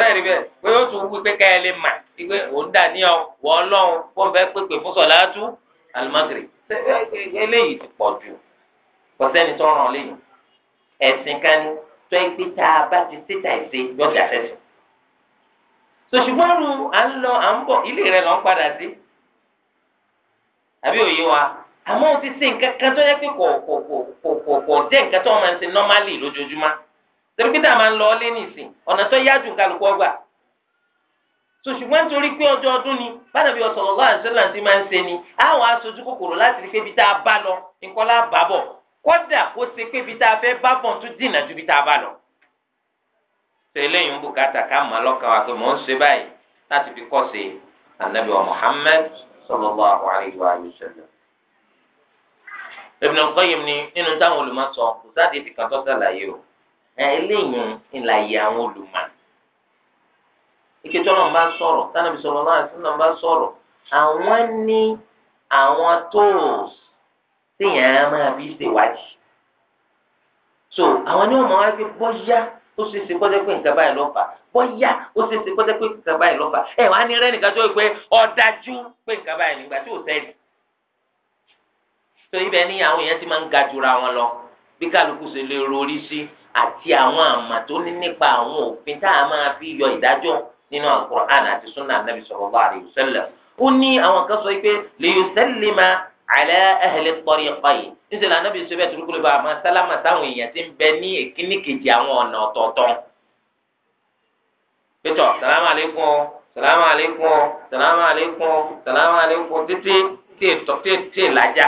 Speaker 1: bẹ́ẹ̀ pé yóò tún wí pé káyọ̀ lè mà pé òun dà níyàn wọ́n lọ́hùn fún fẹ́ pépè fún sọ̀láàtú al-maghrib eléyìí ti pọ̀ ju kọ̀sẹ́ni tó ràn léyìn. ẹ̀sìn kan ni tó ẹ pé tá a bá ti síta ìṣe yóò dà sẹ́sìn. à ń lọ à ń bọ̀ ilé lọ́n padà sí àbí òye wa àmọ́ ti nǹkan kan tó yẹ pé kò kò kò kò kò nǹkan tó máa ń ṣe nọ́málì lójoojúmọ́ torí pé tá a máa ń lọ ọ́ lé nìsín ọ̀nà tó yá jù kálukú ọgbà nítorí pé ọjọ́ ọdún ni ti máa ń kódà kó ṣe pé ibi tá a fẹ́ bá bọ̀ tún dìnnà ju ibi tá a bá lọ. tẹ́lẹ̀ yìí ń bùkátà ká mọ̀ lọ́kàn wa pé mò ń ṣe báyìí láti fi kọ́ sí anabi wa Muhammad sallallahu alaihi wa sallam. Ibn al-Qayyim ni nínú táwọn olùmọ̀ sọ kò sáde ti kàtọ́ sàlàyé o eléyìí ìlàyé àwọn olùmọ̀ ike tí Ọlọ́run bá sọ̀rọ̀ tánàbí sallallahu alaihi wasallam bá sọ̀rọ̀ àwọn ní àwọn tóòs téèyàn á máa fi ṣèwádìí so àwọn ní ọmọ wa fi bọ́yá ó ṣe ṣe kọ́jọ́ pé nǹkan báyìí lọ́fà bọ́yá ó ṣe ṣe kọ́jọ́ pé nǹkan báyìí lọ́fà ẹ̀ wá ní rẹ́nìkan tó pé ọ̀dájú pé nǹkan báyìí nígbà tí ò sẹ́ẹ̀lì tó ibẹ̀ ní àwọn èèyàn ti máa ń ga jura wọn lọ bí kálukú ṣe lè rori sí àti àwọn àmà tó ní nípa àwọn òfin tá a máa fi yọ ìdájọ́ nínú Al-Qur'an àti sunnah Nabi sallallahu alaihi wasallam ó ní àwọn kan sọ pé lè yóò sẹ́lẹ̀ máa ala ahli at-tariqayn níṣẹ́ lànà bí sọ́bẹ̀ tó dúkúlẹ̀ bá a máa sálámà sáwọn èèyàn ti ń bẹ ní èkíní kejì àwọn ọ̀nà ọ̀tọ̀ọ̀tọ̀ pẹ̀tọ̀ sàlámà àlékún ọ sàlámà àlékún ọ sàlámà àlékún ọ sàlámà àlékún títí tí ìlàjà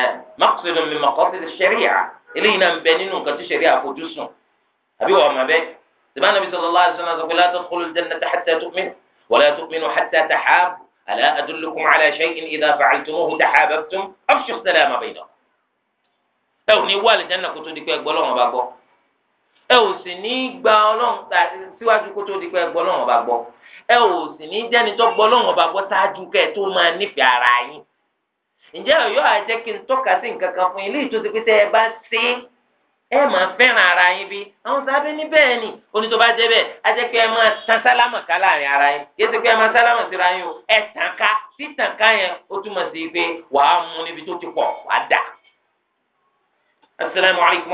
Speaker 1: ẹ maqsidun min maqasid ash-shari'a eléyìí náà ń bẹ nínú nǹkan tí ṣẹ̀ríà fojú sùn àbí wàá mà bẹ́ẹ̀ sàlámà nàbí sallallahu alaihi wasallam ألا أدلكم على شيء إذا فعلتموه تحاببتم أفشوا السلام بينكم ẹ ò ní wá àlìjáná kó tó di pé ẹgbọ́ lọ́wọ́n bá gbọ́ ẹ ò sì ní gba ọlọ́run síwájú kó tó di pé ẹgbọ́ lọ́wọ́n bá gbọ́ ẹ sì ní jẹ́ni tó gbọ́ lọ́wọ́n bá gbọ́ ṣáájú kẹ́ tó máa nífẹ̀ẹ́ ara yín ǹjẹ́ ọ̀yọ́ àjẹ́ kí n sí nǹkan kan fún ilé ìtòsí pé tẹ́ ẹ bá ṣe ẹ máa fẹ́ràn ara yín bí àwọn sábẹ́ ní bẹ́ẹ̀ ni onítọ́ bá jẹ́ bẹ́ẹ̀ á jẹ́ ẹ máa tan sálámà ká ara yín kí ẹ ti pé ẹ máa sálámà síra yín o ẹ tàn ká títàn ká yẹn ó túmọ̀ sí pé mú níbi tó wa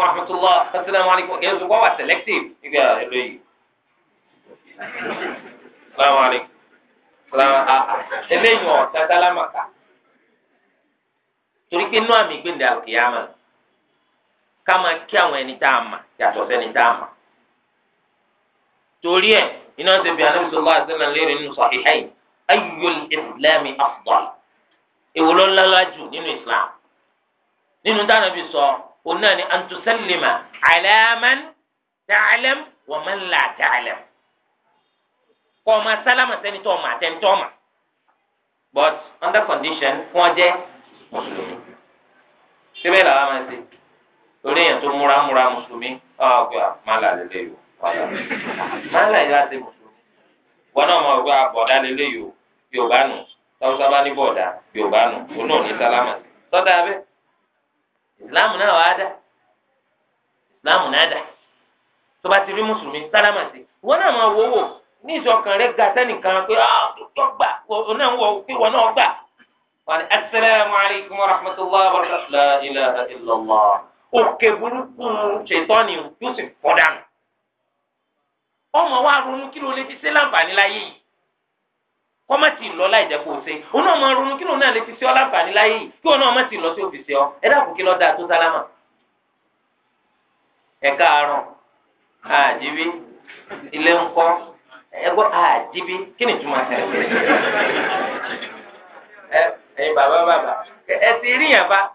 Speaker 1: rahmatulah asalaamu alaykum kí ẹ selective nígbà ẹlò yìí. asalaamu alaykum ọ̀ tan sálámà ká torí pé inú ká máa kí àwọn ẹni tá a mà yàtọ̀ sẹ́ni tá a mà. torí ẹ̀ iná ṣe bí Ànábì sallallahu alaihi wasallam léèrè nínú Sahihayn ayyul islami afdal èwo ló lọ́lá jù nínú islam nínú dáná bí sọ òun náà ni an tusallima ala man ta'lam kọ́ ọ ma sálámà sẹ́ni tó ọmọ àtẹ́ni tó ọmọ but under condition fún ọjẹ́ mùsùlùmí síbẹ̀ làwọn máa ń ṣe torí èèyàn tó múra múra mùsùlùmí ọ̀ pé màálà lélẹ̀ yìí wàlá màálà yìí láti mùsùlùmí wọn náà mọ̀ pé bọ̀dá lélẹ̀ yìí yorùbá nù tọ́wọ́sá bá ní bọ̀dá yorùbá nù òun náà ní sálámà sọ́dà bẹ́ẹ̀ ìsìláàmù náà wàá dá ìsìláàmù náà dá tó bá ti rí mùsùlùmí sálámà sí wọn náà mọ̀ wò wò ní ìṣọ̀kan rẹ̀ ga sẹ́nìkan pé ọ̀ gbà ọ̀ náà wọ̀ pé wọn náà gbà. Assalamu alaikum warahmatullahi wabarakatuh. La ilaha illallah òkè burúkú ni yóò sì fọ́ dànù. ọmọ wa ronú kí ló lè fi ṣe láǹfààní láyé yìí kọ́mọ̀tì lọ láì jẹ́ kó o ṣe òun náà ronú kí lòun náà lè fi ṣe láǹfààní láyé yìí kí ti lọ sí ọ ẹ dàpọ̀ kí lọ́ dáa tó sálámà. ẹ káàárọ̀ àjíbí ilé ń kọ́ ẹ gbọ́ àjíbí kí ni túmọ̀ ẹ ẹ bàbá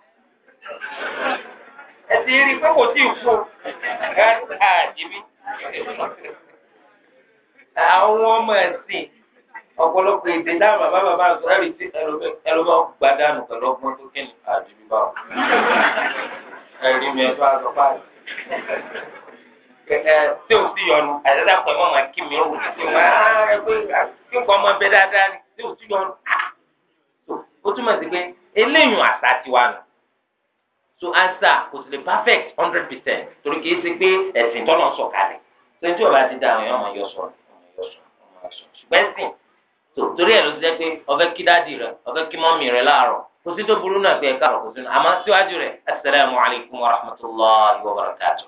Speaker 1: ẹ ti rí i pé kò tí ì fún gáàsà àjẹbí. àwọn ọmọ ẹ̀sìn ọ̀pọ̀lọpọ̀ èdè dáhùn bàbá bàbá àgbà ẹ̀rí tí ẹlòmọ́ gbà dànù pẹ̀lú ọgbọ́n tó kí ni àjẹbí bá wọn. ẹ̀rí mi ẹ̀fọ́ àgbà báyìí. tí o sì yọnu àdàdà pẹ̀ mọ́ màá kí mi ó wù sí wọn. kí nǹkan ọmọ bẹ dáadáa ni tí o sì yọnu. ó túmọ̀ sí pé eléyìí àṣà tiwa nù. To answer kò sì lè perfect hundred percent torí kìí ṣe pé ẹ̀sìn tọ́nà sọ̀kalẹ̀ sẹ́ńtì ọ̀bá ti dá àwọn ọmọ yọ sọ̀rọ̀ ṣùgbọ́n ẹ̀sìn torí ẹ̀ ló ti jẹ́ pé ọ̀fẹ́ kí dáàdì rẹ ọ̀fẹ́ kí mọ́mì rẹ láàárọ̀ kò sí tó burú náà pé ẹ̀ka rọ̀ kò sí náà àmọ́ síwájú rẹ̀ asalaamu alaykum wa rahmatulahi wa barakatu.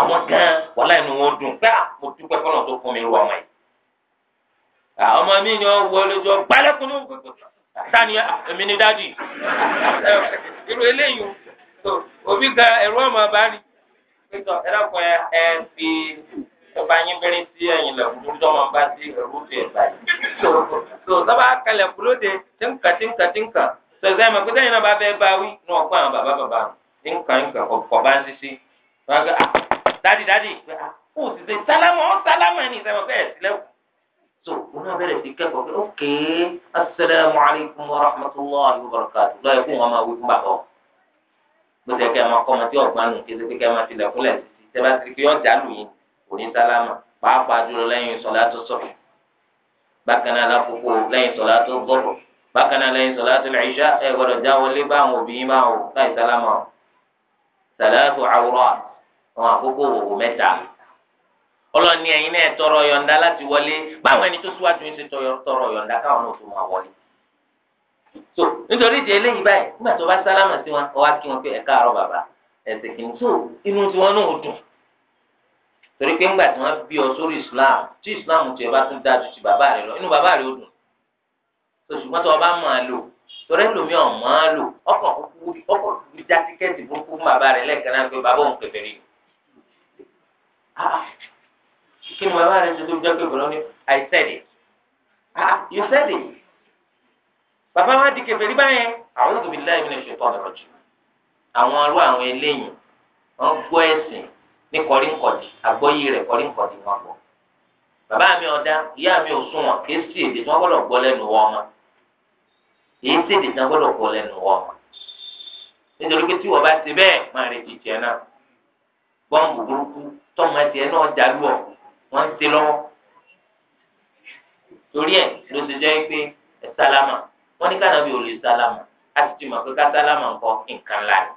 Speaker 1: àwọn gan wàhálà inú wọn dùn pé ah, mo dúpẹ́ fọlọ́ tó fún mi rú ọmọ yìí. Ah, ọmọ mi ni wọ́n wọ lójú ọgbàlẹ́kùn ní òkú sani èmi ni dádì irú eléyìí o òbí ga ẹ̀rọ ọmọ bá rí pẹtọ ẹlẹkùn ẹ ẹ fi ọba yín bẹ̀rẹ̀ sí ẹ̀yìn lẹ kúrú tó máa bá sí ẹrú tó ẹgbà yìí tó tó sábà kalẹ kúlóde tínka tínka tínka sọsẹ ẹ mọ pé sẹ́yìn náà bá bẹ bá wí ní ọkọ àwọn bàbá bàbá tínka tínka ọkọ bá ń sisi wọn gbé ah, dádì dádì ah, kó o sì ṣe sálámà ọ sálámà ní ìsẹmọ pé ẹ sílẹ̀ kù so òun náà bẹ̀rẹ̀ sí kẹ́kọ̀ọ́ pé ok asalaamu alaykum wa rahmatulahi wa barakatu lọ́yẹ̀ fún wọn máa wí fún bàbá o bó ṣe kẹ́ ẹ máa kọ́ ọmọ tí ọ̀gbọ́n nù kí ẹ ṣe pé kẹ́ ẹ máa tilẹ̀ fúnlẹ̀ títí tẹ́ bá ti pé ọjà lù yín kò ní sálámà pàápàá dúró lẹ́yìn sọ̀lá tó sọ̀rọ̀ bákan lákòókò lẹ́yìn sọ̀lá tó gbọ̀rọ̀ bákan lẹ́yìn sọ̀lá tó lẹ́yìn ẹ gbọ́dọ̀ já wọlé bá òbí ọlọ́ni ẹ̀yin náà tọrọ yọ̀ǹda láti wọlé báwọn ẹni tó síwájú ń ṣe tọrọ yọ̀ǹda káwọn náà tó máa wọlé. so nítorí ìdí eléyìí báyìí nígbà tó bá sálámà sí wọn ọwá kí wọn pé ẹ káàárọ̀ bàbá ẹsẹ̀ kìíní tó inú tí wọn náà dùn. torí pé ńgbà tí wọn bí ọ sórí Islam tí Islam tiẹ̀ bá tún dájú ti bàbá rẹ lọ inú bàbá rẹ ó dùn. so ṣùgbọ́n tó o bá máa lò torí ẹlòmí ọ̀ máa lò ọkàn kúkú já kí ni màmá rẹ ṣe tó jẹ́ pé bọ̀dọ̀ ni I said it ah you said it bàbá wa di kẹfẹ́ rí báyẹn àwọn tóbi láì mi lè ṣe tọ́lọ̀ rọ̀ jù àwọn arú àwọn eléyìí wọ́n gbọ́ ẹ̀sìn ní kọrínkọ̀dì àgbọ́yé rẹ̀ kọrínkọ̀dì wọn gbọ́ bàbá mi ọ̀dá ìyá mi ò sún wọn kì í sí èdè tí wọ́n gbọ́dọ̀ gbọ́ lẹ́nu wọn mọ́ kì í sí èdè tí wọ́n gbọ́dọ̀ gbọ́ lẹ́nu wọn mọ́ nítorí pé tí wọ́n bá ti bẹ́ẹ̀ máa retí tiẹ̀ náà bọ́ǹbù burúkú tọ́mọ tiẹ̀ wọ́n ń ṣe lọ́wọ́ torí ẹ̀ ló ti jẹ́ pé ẹ sálámà wọ́n ní kànáàbí ò lè sálámà a sì ti mọ̀ pé ká sálámà nǹkan nǹkan ńlá ni.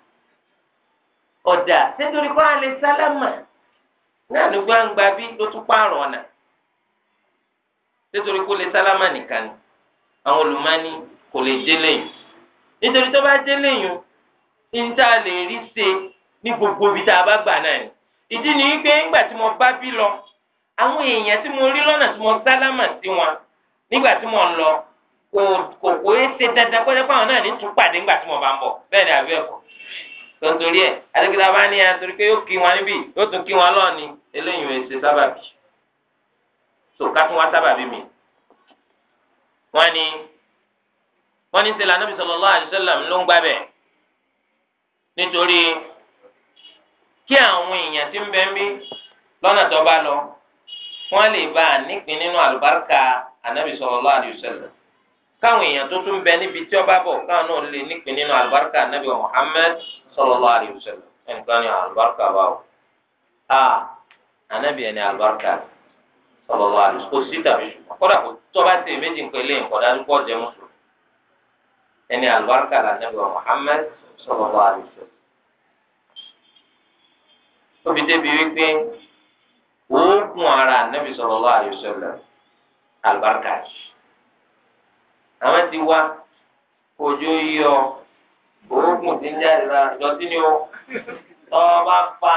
Speaker 1: ọ̀dà nítorí kọ́ a lè sálámà náà ló gbá ń gba bí ló tún pààrọ̀ ọ̀nà nítorí kó lè sálámà nìkan ni àwọn olùmọ́ni kò lè dé lẹ́yìn nítorí tó bá dé lẹ́yìn níta lè rí ṣe ní gbogbo ibi tá a bá gbà náà ìdí ni wípé ńgbà tí mo bá bí lọ àwọn èèyàn tí mo rí lọ́nà tí mo sálámà sí wọn nígbà tí mo ń lọ kò kò kò é ṣe dandan pé nípa àwọn náà ní tún pàdé nígbà tí mo bá ń bọ̀ bẹ́ẹ̀ ni àbí ẹ̀kọ́ tontori ẹ̀ adigunla bá ní àtúrí pé yóò kí wọn níbí yóò tún kí wọn lọ́ọ̀ni eléyìí ò ṣe sábàbí tó ká tún wá sábàbí mi. wọ́n ní wọ́n ní sẹ́lá anábì sallallahu alaihi wasallam ló ń gbá bẹ̀ nítorí kí àwọn èèyàn tí ń bẹ́ ń bí lọ́nà tó bá lọ wọ́n lè bá a nípìn nínú àlùbáríkà ànábì sallallahu alaihi wasallam káwọn èèyàn tó tún bẹ níbi tí ọba bọ̀ káwọn náà lè nípìn nínú àlùbáríkà ànábì Muhammad sallallahu alaihi wasallam ẹnìkan ní àlùbáríkà báwò a ànábì ẹni àlùbáríkà sallallahu alaihi wasallam kò sí tàbí ṣùgbọ́n kódà kò tọ́ba tẹ̀ méjì nǹkan eléyìí nǹkan dájú pọ̀ jẹ́ mùsùlùmí ẹni àlùbáríkà ànábì Muhammad sallallahu alaihi wasallam ogun ara anabi sallallahu alaihi wasallam àlùbáríkà yi àwọn ti wá ojú yọ oògùn tí ń jáde lára sí ni ó tọ́ pa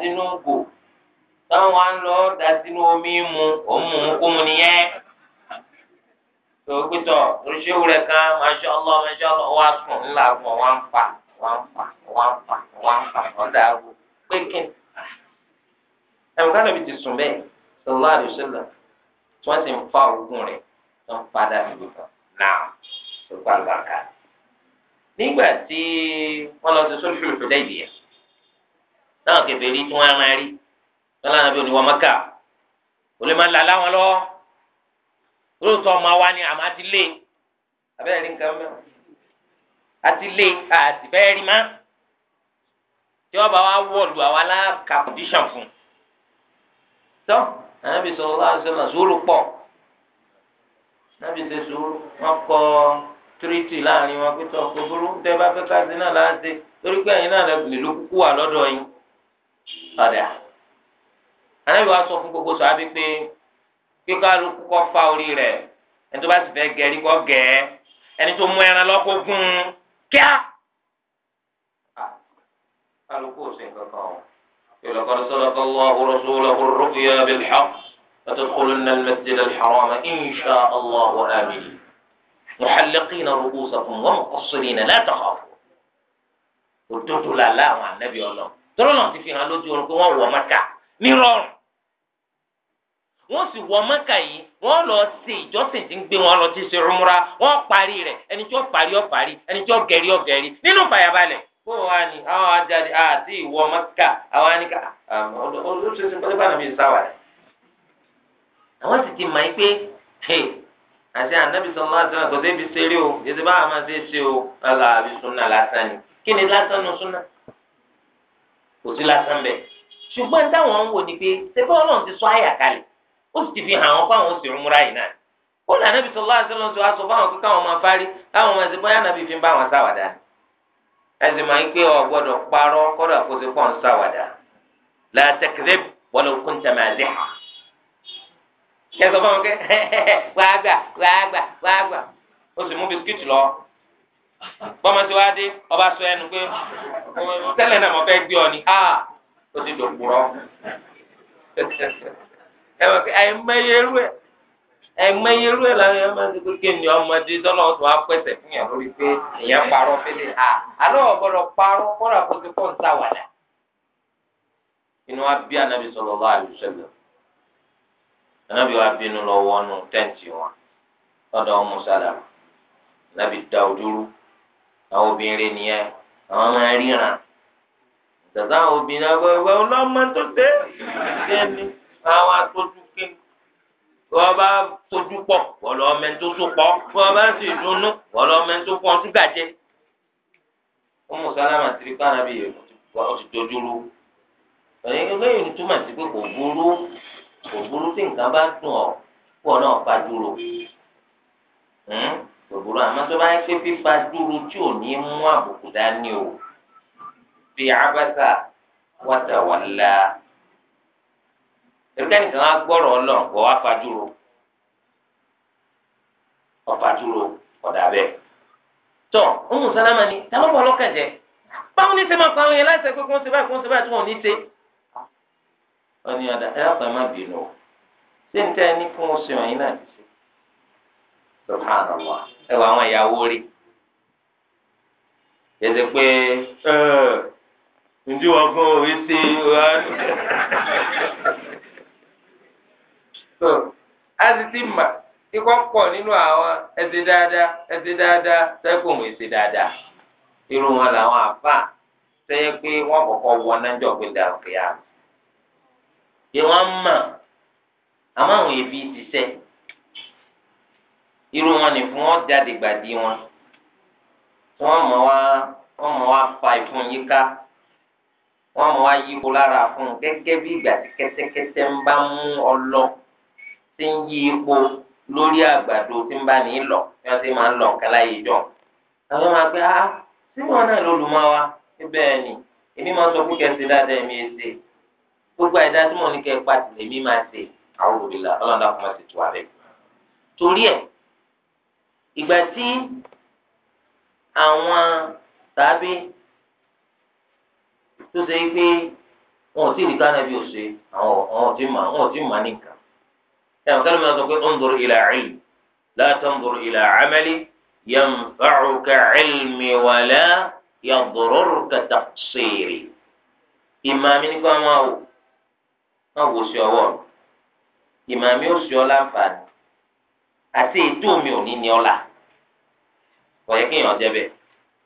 Speaker 1: sínú gò táwọn á lọ da sínú omi ẹ̀wọ̀n kánà bíi ti sùn bẹ́ẹ̀ sallallahu alaihi wasallam tí wọ́n ti ń fa ogun rẹ̀ tó ń padà síbi kan náà tó pa àlùbáńkà. nígbà tí wọ́n lọ sí sọ́lù Hudaybiyah náà kẹfẹ́ rí tí wọ́n á máa rí wọ́n lánàá bí oníwà Mákà kò lè máa là láwọn lọ́wọ́ olóòótọ́ ọmọ wa ni àmọ́ àti lé e. abẹ́rẹ́ rí nǹkan mẹ́wàá àti lé àtìfẹ́ e, rí má tí wọ́n bá wá wọ̀lù àwa láka condition fún un tọ́ ànábì sọ̀rọ̀ láti sọ̀rọ̀ sùúrù pọ̀ ànábì ṣe sùúrù wọn kọ tiriti láàrin wọn pé tọ́ gbogbo tẹ́ bá fẹ́ ká ṣe náà láti torí pé ẹ̀yin náà lè ló kúkú wà lọ́dọ̀ yín ọ̀dà ànábì wa sọ fún gbogbo sọ abí pé kíkálukú kọ́ fa orí rẹ̀ ẹni tó bá sì fẹ́ gẹ̀ẹ́rí kọ́ gẹ̀ẹ́ ẹni tó mú ẹran lọ́kọ́ gún un kíá. kálukú ò sí nǹkan kan o. لقد صدق الله رسوله الرؤيا بالحق فتدخلن المسجد الحرام إن شاء الله آمنين محلقين رؤوسكم ومقصرين لا تخافوا òdodo la láwọn ànábì ọlọ tọrọ náà ti fi hàn lójú oorun pé wọn wọ mẹ́kà nírọ̀rùn wọn sì wọ mẹ́kà yìí wọn lọ sí ìjọsìn tí ń gbé wọn lọ ti ṣe rúmúra wọn parí rẹ̀ ẹni tí ó parí ó parí ẹni tí ó gẹrí ó gẹrí nínú fàyàbalẹ̀ fún um, wa ni àwọn ajáde àti ìwọ mọ́kà àwọn àníkà olùsèṣin pẹ̀lú bá nàbí sáwà rẹ̀. àwọn sì ti mọ̀ ẹ́ pé àti ànábì sọ̀rọ̀ láti náà kò sí ibi ṣeré o yẹtí báwa máa ṣe é ṣe o lọ́la àbí súnà lásán ni kí ni lásán nu súnà kò sí lásán bẹ́ẹ̀. ṣùgbọ́n táwọn ń wò ni pé ṣẹ́fẹ́ ọlọ́run ti sọ àyà kalẹ̀ ó sì ti fi hàn wọ́n fáwọn oṣù múra yìí náà. ó lànà bí sọ̀rọ̀ láti náà sọ fáwọn kíkà wọn máa fárí káwọn máa ṣe bóyá ànábì fi ń ẹsìn máa ń ọ gbọdọ parọ́ kọdọ àkóso pọ ń sáwàdà la tẹkẹrẹ wọlé okun tẹ máa lẹ. fún mi gbà gbà lọ bọ́mọtí dé ọba sọ ẹnu pé tẹ́lẹ̀ náà mo fẹ́ gbé ọ ni a ó ti ẹ̀. ẹmọ iye irú ẹ làwọn ẹmọ ẹsẹ kékeré ni ọmọdé dọlọ tó wá pẹsẹ fún yàn lórí pé èèyàn parọ́ fẹlẹ à àlọ ọgbọdọ parọ́ kọdà kó ti pọ nsá wàdà. inú wa bí anabi sallallahu alaihi wasallam anabi wa bínú lọ́wọ́ nù tẹǹtì wọn lọ́dọ̀ ọmọ sálàmù anabi dá ojúrú àwọn obìnrin nìyẹn àwọn máa ríran tàtà àwọn obìnrin àgbẹ̀ ọlọ́mọ tó dé ṣé àwọn atójú wọ́n bá tójú pọ̀ wọ́n lọ́ mẹ́ni tó tó pọ̀ wọ́n bá sì dùnnú wọ́n lọ́ mẹ́ni tó pọ̀ ọmọ sálámà ti rí kára bíi ó ti dojú rú ẹ̀yin túmọ̀ sí pé kò burú kò burú tí nǹkan bá dùn ọ́ pọ̀ náà pa dúró hmm? kò burú àmọ́ tó bá yẹ pé pípa dúró tí ò ní mú àbùkù dání o bí abasa wàtàwàlá. ẹnikẹ́ni kan á gbọ́rọ̀ ọlọ́run kọ́ wá fajúro ọ̀fajúro ọ̀dà bẹ́ẹ̀. ọmọ sálámà ni ta ló bọ̀ ọlọ́kẹ̀jẹ̀ ní ṣe máa pa àwọn yẹn láti pé kó ń ṣe báyìí kó ń ṣe báyìí tí ní ní má bínú o ṣé ní tẹ́ ẹ ní fún oṣù ọ̀yìn náà ti ṣe. ẹ wọ àwọn ìyàwó rí. pé so a ti ti mà kíkọ́ pọ̀ nínú àwọn ẹsẹ̀ dáadáa ẹsẹ̀ dáadáa sẹ́kùn ẹsẹ̀ dáadáa irú wọn làwọn àfà sẹ́yìn pé wọ́n kọ́kọ́ wọ nájọ́ pé dàrúkìá kí wọ́n mọ̀ àmọ́ àwọn èbí ti sẹ́ irú wọn ni fún wọn jáde gbàdí wọn tí wọ́n wá wọ́n wá fa ìfún ká wọ́n mọ̀ wá lára fún un bí ìgbà tí ń mú ọ tí ń yí ipò lórí àgbàdo tí ń bá ní lọ tí wọ́n ti máa ń lọ nǹkan láyé jọ. àwọn máa gbé ah sí wọn náà lólùmọ́ wa bẹ́ẹ̀ ni èmi máa sọ fún kẹsì dáadáa èmi ẹsẹ gbogbo àìdá tí mo ní kẹ pàtì lèmi máa ṣe àwọn òbílà ọlọ́dà kò má ti tù àrẹ. torí ẹ̀ ìgbà tí àwọn tàbí tó ṣe pé wọn ò tí ì rí kánábì òṣè àwọn ò tí mà wọn ò tí ì mà nìkan ẹ̀wọ̀n kálí máa sọ pé ọ̀nbùrù ilà ilmi látọ̀nbùrù ilà amali yanfa'uka ilmi wàlá yadurruka taqsiri. ìmàmí ní kí wọ́n máa wò wọ́n wò sí ọwọ́ ìmàmí ó sí ọ láǹfààní àti ètò mi ò ní ní ọ̀la ọ̀yẹ́ kí èèyàn jẹ́bẹ̀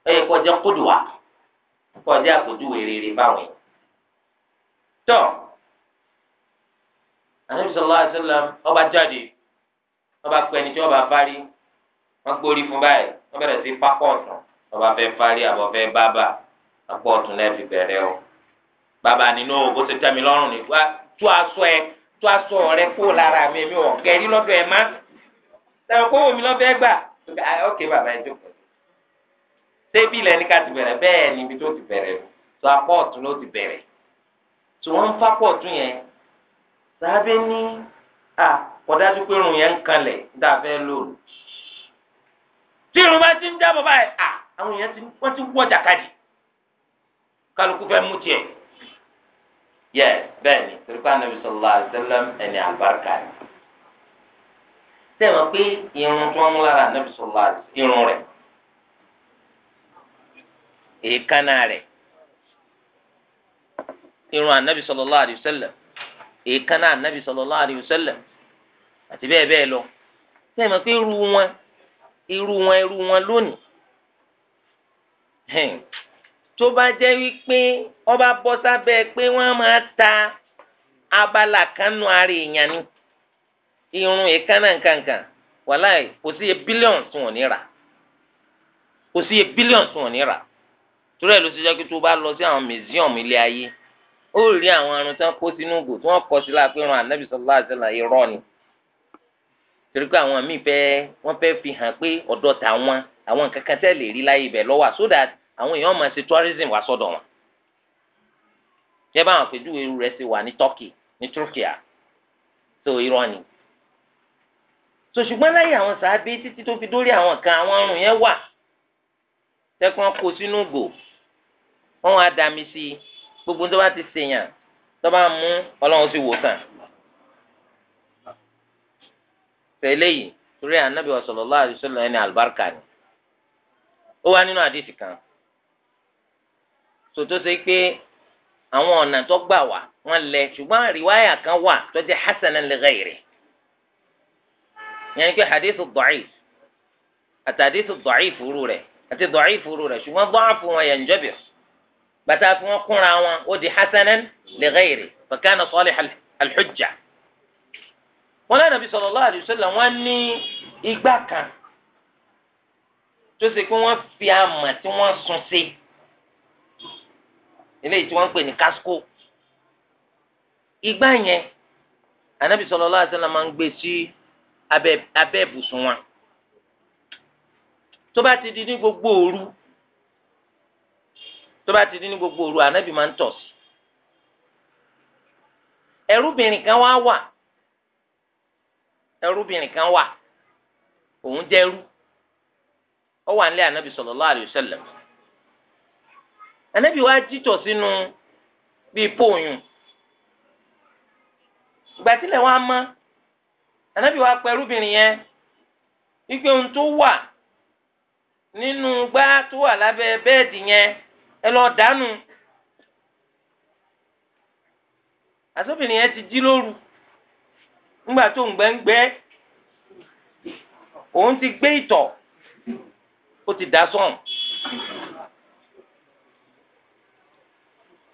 Speaker 1: ẹ̀yẹ kọjá kódùwà kọjá àpòjúwe rere báwọn yìí anabi sallallahu alayhi wa sallam ọba jáde ọba pẹni tí ọba fárí wọn gbórí fún báyìí wọn bẹ̀rẹ̀ sí pápọ ọtún ọba fẹ́ fárí àbọ fẹ́ bábà àpọ ọtún lẹfi bẹ̀rẹ̀ o bàbá nínú o bó ṣe tẹ́ mi lọ́rùn ni wá tú aṣọ ẹ tú aṣọ rẹ kó lára mi mi ò gẹrí lọ́dọ̀ ẹ má táwọn kó wò mí lọ́fẹ̀ẹ́ gbà ah, ok bàbá ẹ jókòó tébì lẹni ká ti bẹ̀rẹ̀ bẹ́ẹ̀ níbi tó ti bẹ̀rẹ̀ tó apọ ló ti bẹ̀rẹ̀ tí wọn ń fapọ yẹn sàbẹ ní à kọdájú pé irun yẹn ń kanlẹ̀ dàbẹ́ lóru tí irun bá ti ń dábọ̀ báyìí à àwọn èèyàn ti wọ́n ti wọ́ jàkadì kálukú fẹ́ mú tiẹ̀ yẹ bẹ́ẹ̀ ni tìrìkà nàbì sallallahu alaihi wasallam ẹni àlùbáríkà ni sẹ́wọ̀n pé irun tó ń mú lára nàbì sallallahu alaihi wasallam irun rẹ̀ èékánná rẹ̀ irun ànàbì sallallahu alaihi wasallam èékánná ànábì sallallahu alayhi wa sallam àti bẹ́ẹ̀ bẹ́ẹ̀ lọ sẹ́yìn mọ̀ pé irú wọn irú wọn irú wọn lónìí tó bá jẹ́ wípé wọ́n bá bọ́ sábẹ́ pé wọ́n máa ta abala kan nu ara èèyàn ni irun èékánná nkankan wàláì kò sí iye bílíọ̀nù tí wọ́n ní rà kò sí iye tí wọ́n ní rà torí ẹ̀ ló ti jẹ́ pé tó bá lọ sí àwọn mẹ̀síọ̀mù ilé ayé ó rí àwọn arun tán kó sínú ògò tí wọ́n kọ sí láàpẹ ràn ànábì sọlá àṣẹlá irọ́ ni torí pé àwọn míì fẹ́ wọ́n fẹ́ fi hàn pé ọ̀dọ̀ tàwọn àwọn kankan tẹ́ lè rí láyé ibẹ̀ lọ́wọ́ so that àwọn èèyàn máa ṣe tourism wá sọ́dọ̀ wọn jẹ́ báwọn àpèjúwe irú rẹ̀ ṣe wà ní Turkey ní Turkey so irọ́ ni so ṣùgbọ́n láyé àwọn sàábé títí tó fi dórí àwọn kan àwọn ọrùn yẹn wà tẹ́kun kó sínú ògò wọ́n wá dami sí i gbogbo tó bá ti ṣèyàn tó bá mú ọlọ́run sì wò sàn. tẹ̀lé yìí torí ànábì sallallahu alaihi wasallam ẹni àlùbáríkà ni ó wá nínú àdìsí kan sòtó ṣe pé àwọn ọ̀nà tó gbà wá wọn lẹ ṣùgbọ́n àríwáyà kan wà tó jẹ́ hasanan li ghairi yẹn ni pé hadithu da'if àti hadithu fúru rẹ̀ àti da'if fúru rẹ̀ ṣùgbọ́n da'afu gbàtà fún wọn kúnra wọn ó di hasanan li ghayri fa kana salih alḥujja. wọn lẹ́nu Nabi sallallahu alayhi wa sallam wọ́n ní igbá kan tó ṣe pé wọ́n fi àmà tí wọ́n sun sí eléyìí tí wọ́n pè ní kasko igbá yẹn anabi sallallahu alayhi máa ń gbé sí abẹ́ ibùsùn wọn tó bá ti di ní gbogbo òru tó dị ti gbogbo òru ànábì máa ń kan wá wà ẹrúbìnrin kan wà òun jẹ́rú ó wà nílé anabi wa sallam ànábì wá jítọ̀ sínú bíi póòyùn ìgbà tílẹ̀ wá mọ́ wá wà nínú gbá tó wà lábẹ́ bẹ́ẹ̀dì yẹn. ẹ lọ dànù àtòbìnrin yẹn ti jí lóru ńgbà tó ń òun ti gbé ìtọ̀ ó ti dà sọ̀n.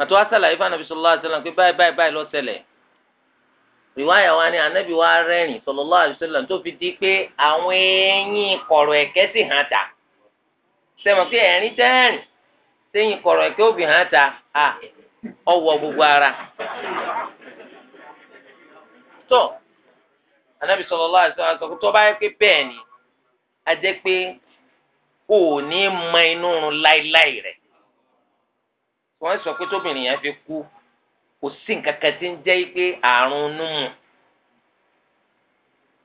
Speaker 1: àti wàá sàlàyé fún anabi àti sàlàm pé báyìí báyìí báyìí ló ṣẹlẹ̀ ìwáyà wa ni anabi wa rẹ́rìn sọlọ́lá àti tó fi di pé àwọn kọ̀rọ̀ ẹ̀kẹ́ sì hàn dà pé ẹ̀rín sẹ́yìn kọrọ ẹ̀kẹ́ obi hàn ta à ọwọ́ gbogbo ara. tó anabi sọlọ lọ àti sọkò tó bá yẹ pé ni a jẹ pé o ò ní mọ inú run láéláé rẹ wọ́n sọ pé tóbìnrin yẹn fi kú kò sí nǹkan kan tí ń jẹ́ pé àrùn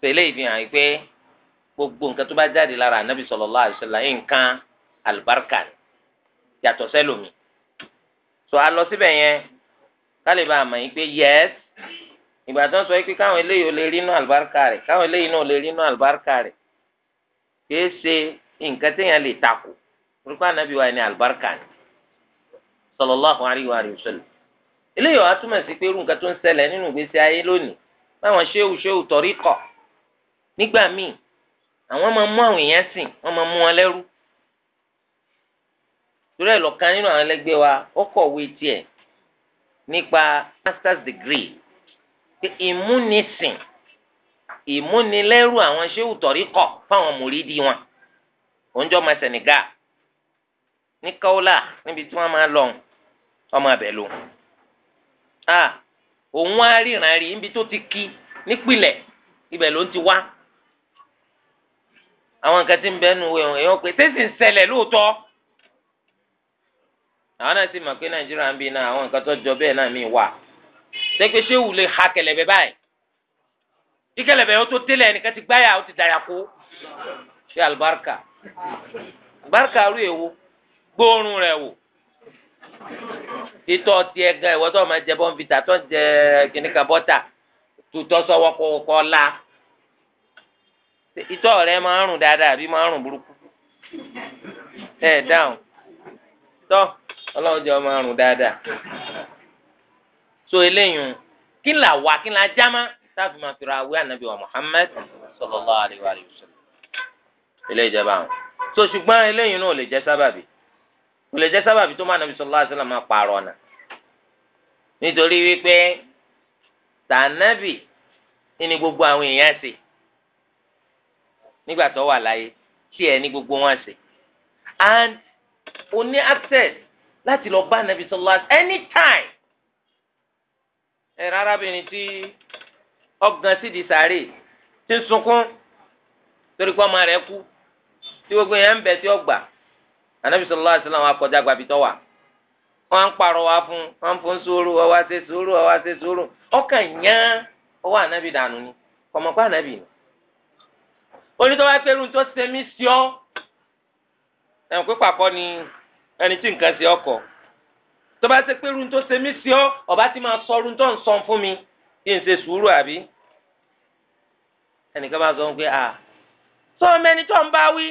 Speaker 1: tẹ̀lé gbogbo nǹkan tó bá jáde lára anabi sọlọ lọ àti sọlọ nǹkan yàtọ̀ sẹ́lòmí so a lọ síbẹ̀ yẹn kálíbà àmọ̀ yìí pé yẹ́s ìgbà tó ń sọ pé káwọn eléyìí ò lè rí inú àlùbáríkà rẹ̀ káwọn eléyìí náà ò lè rí inú àlùbáríkà rẹ̀ kìí ṣe nǹkan téèyàn lè takò orúkọ ànábì wa ni àlùbáríkà ni sallallahu alaihi wa sallam eléyìí wàá túmọ̀ sí pé irú nǹkan tó ń ṣẹlẹ̀ nínú ìgbésí ayé lónìí báwọn ṣéwù ṣéwù tọ̀rí kọ̀ nígbà míì àwọn máa mú àwọn èèyàn sìn wọ́n máa mú wọn lẹ́rú torí ẹ̀ lọ́kàn nínú àwọn ẹlẹgbẹ́ wa ó kọ̀wé tiẹ̀ nípa masters degree pé ìmúnisìn ìmúnilẹ́rù àwọn ṣéwù tọ̀rí kọ̀ fáwọn mòrídì wọn òǹjọ́ ọmọ Senegal ní kaula níbi tí wọ́n máa lọ ọmọ abẹ ló a òun á ríran rí níbi tó ti kí nípìlẹ̀ ibẹ̀ ló ń ti wá àwọn nǹkan tí ń bẹ́ẹ̀ nu pé tẹ́sí ń ṣẹlẹ̀ lóòótọ́ àwọn náà sì mọ̀ pé nàìjíríà ń bí náà àwọn nǹkan tó jọ bẹ́ẹ̀ náà mi wà sẹ́pẹ́ sẹ́wù lè ha kẹlẹ̀bẹ̀ báyìí tí kẹlẹ̀bẹ̀ yóò tó tẹ́lẹ̀ ẹnìkan ti gbáyà ó ti dàyà kó ṣe àlùbáríkà àlùbáríkà rú èwo gbóòórùn rẹ̀ wò ìtọ̀ tiẹ̀ gan ìwọ tó máa jẹ bọ́ǹfìtà tó jẹ kìnnìkan bọ́tà tutọ́ sọ́wọ́ kọ́ la ìtọ̀ rẹ̀ máa ń rùn dáadáa àbí máa ń rùn burúkú ẹ̀ dáhùn tọ́ ọlọ́run jẹ́ ọmọ àrùn dáadáa so eléyìí kí là wà kí là já má táàbù máa fira awé ànábì wa Muhammad sallallahu alaihi wa sallam eléyìí jẹ́ báwọn so ṣùgbọ́n eléyìí náà ò lè jẹ́ sábàbí kò lè jẹ́ sábàbí tó máa nàbì sallallahu alaihi wa sallam máa pààrọ̀ ọ̀nà nítorí wípé tànàbì ní gbogbo àwọn èèyàn ṣe nígbà tó wà láyé tí ẹ ní gbogbo wọn ṣe and o ní access láti lọ bá nàbí sọlá anytime ẹ rárábìnrin tí ọgàn sì di sàárè tí ń sunkún torí pé ọmọ rẹ̀ kú tí gbogbo yẹn ń bẹ tí ó gbà anabi sọlá àṣìlá wọn akọjá gbàbí tó wà wọn ń parọ́ wá fún wọn ń fún sùúrù wọn wá ṣe sùúrù wọn wá ṣe sùúrù ọkàn yẹn ọwọ́ anabi dànù ni kọmọkọ anabi ni onítọ́wá pẹ̀lú tó ṣe mí sí ọ ẹ̀ ń pípàkọ́ ni ẹni tí nǹkan ṣe ọkọ̀ tó bá ṣe pé irun tó ṣe mí sí ọ ọba ti máa sọ irun tó ń sọ fún mi kí n ṣe sùúrù àbí ẹnìkan bá sọ pé à sọ ọmọ ẹni tó ń bá wí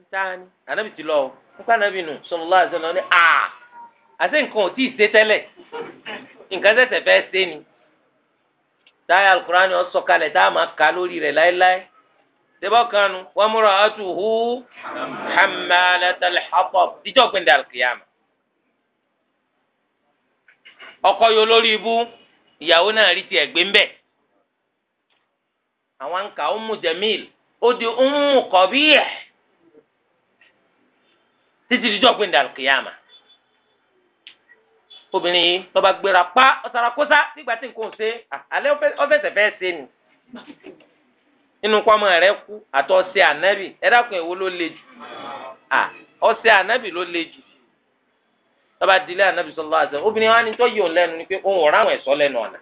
Speaker 1: ntaani anabi ti lọ o nípa anabi nù sọlọlá àzọlọ ní a àti nǹkan ò tí ì ṣe tẹ́lẹ̀ nǹkan ṣẹ̀ṣẹ̀ fẹ́ ṣe ni táyà alukura ni ọ sọ̀kalẹ̀ tá a máa kà lórí rẹ̀ láéláé tẹ́bọ̀ kanu wa mura'atuhu hammalatal hatab ìjọ gbẹ̀ndẹ̀ alkiyama. ọkọ yóò lórí ibú ìyàwó náà rí tiẹ̀ gbé ń bẹ̀. àwọn nǹka ummu jamil ó di ummu qabih títí ìjọ gbẹ̀ndẹ̀ alkiyama. obìnrin yìí tọ́ba gbéra pa ọ̀sára kóṣá nígbà tí nǹkan ò ṣe alẹ́ ọ̀fẹ́sẹ̀ ṣe ni nínú kọ́mọ rẹ kú àti ọ̀sẹ̀ ànábì ẹ dákun èwo ló le jù à ọ̀sẹ̀ ànábì ló le jù tọ́ba dilé ànábì sallallahu alaihi wasallam obìnrin wa tó yọ̀ lẹ́nu ni pé òun ò ráwọn ẹ̀sọ́ lẹ́nu ọ̀nà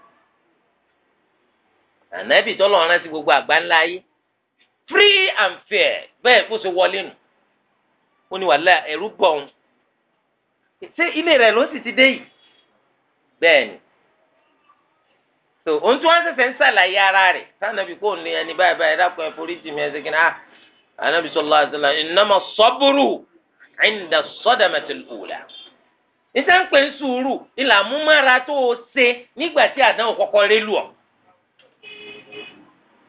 Speaker 1: ànábì tó lọ́ọ́ rántí gbogbo àgbáńlá ayé free and fair bẹ́ẹ̀ kó ṣe wọlé nù ó ní wàhálà ẹ̀rú bọ̀ òun ṣé ilé rẹ̀ ló sì ti dé yìí bẹ́ẹ̀ ni so ohun tí wọn ṣẹ̀ṣẹ̀ ń ṣàlàyé ara rẹ̀ sànàbí kò ní ẹni báyìí báyìí dákun ẹ forí jì mí ẹsẹ kí anabi ah, sallallahu alaihi wasallam innama sabru inda sadamatil ń pè ń sùúrù ìlà múmọ́ra tó o ṣe nígbà tí àdánwò kọ́kọ́ rẹ lù ọ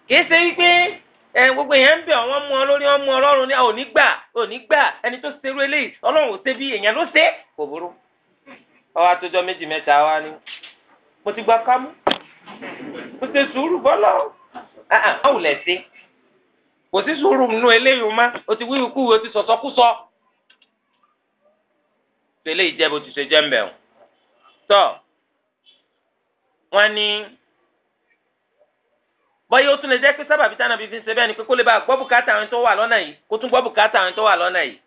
Speaker 1: kìí ṣe wípé ẹ gbogbo èèyàn ń bẹ̀ wọ́n mú ọ lórí wọ́n mú ọ lọ́rùn ní òní gbà òní gbà ẹni tó ò ṣe bí kò ṣe sùúrù bọ́lọ́ báwo lẹ̀ ṣe kò sí sùúrù nù eléyìí má o ti wíwí kúwì o ti sọ̀sọ́ kú sọ. tẹ́lẹ̀ ìjẹ́ bó ti ṣe jẹ́ ń bẹ̀ tọ́ wọ́n ní bọ́yá ó tún lè jẹ́ pé sábàbí tí Ànábì fi ń ṣe bẹ́ẹ̀ ni pé kó lè bá gbọ́ bùkátà àwọn tó wà lọ́nà yìí kó tún gbọ́ bùkátà àwọn tó wà lọ́nà yìí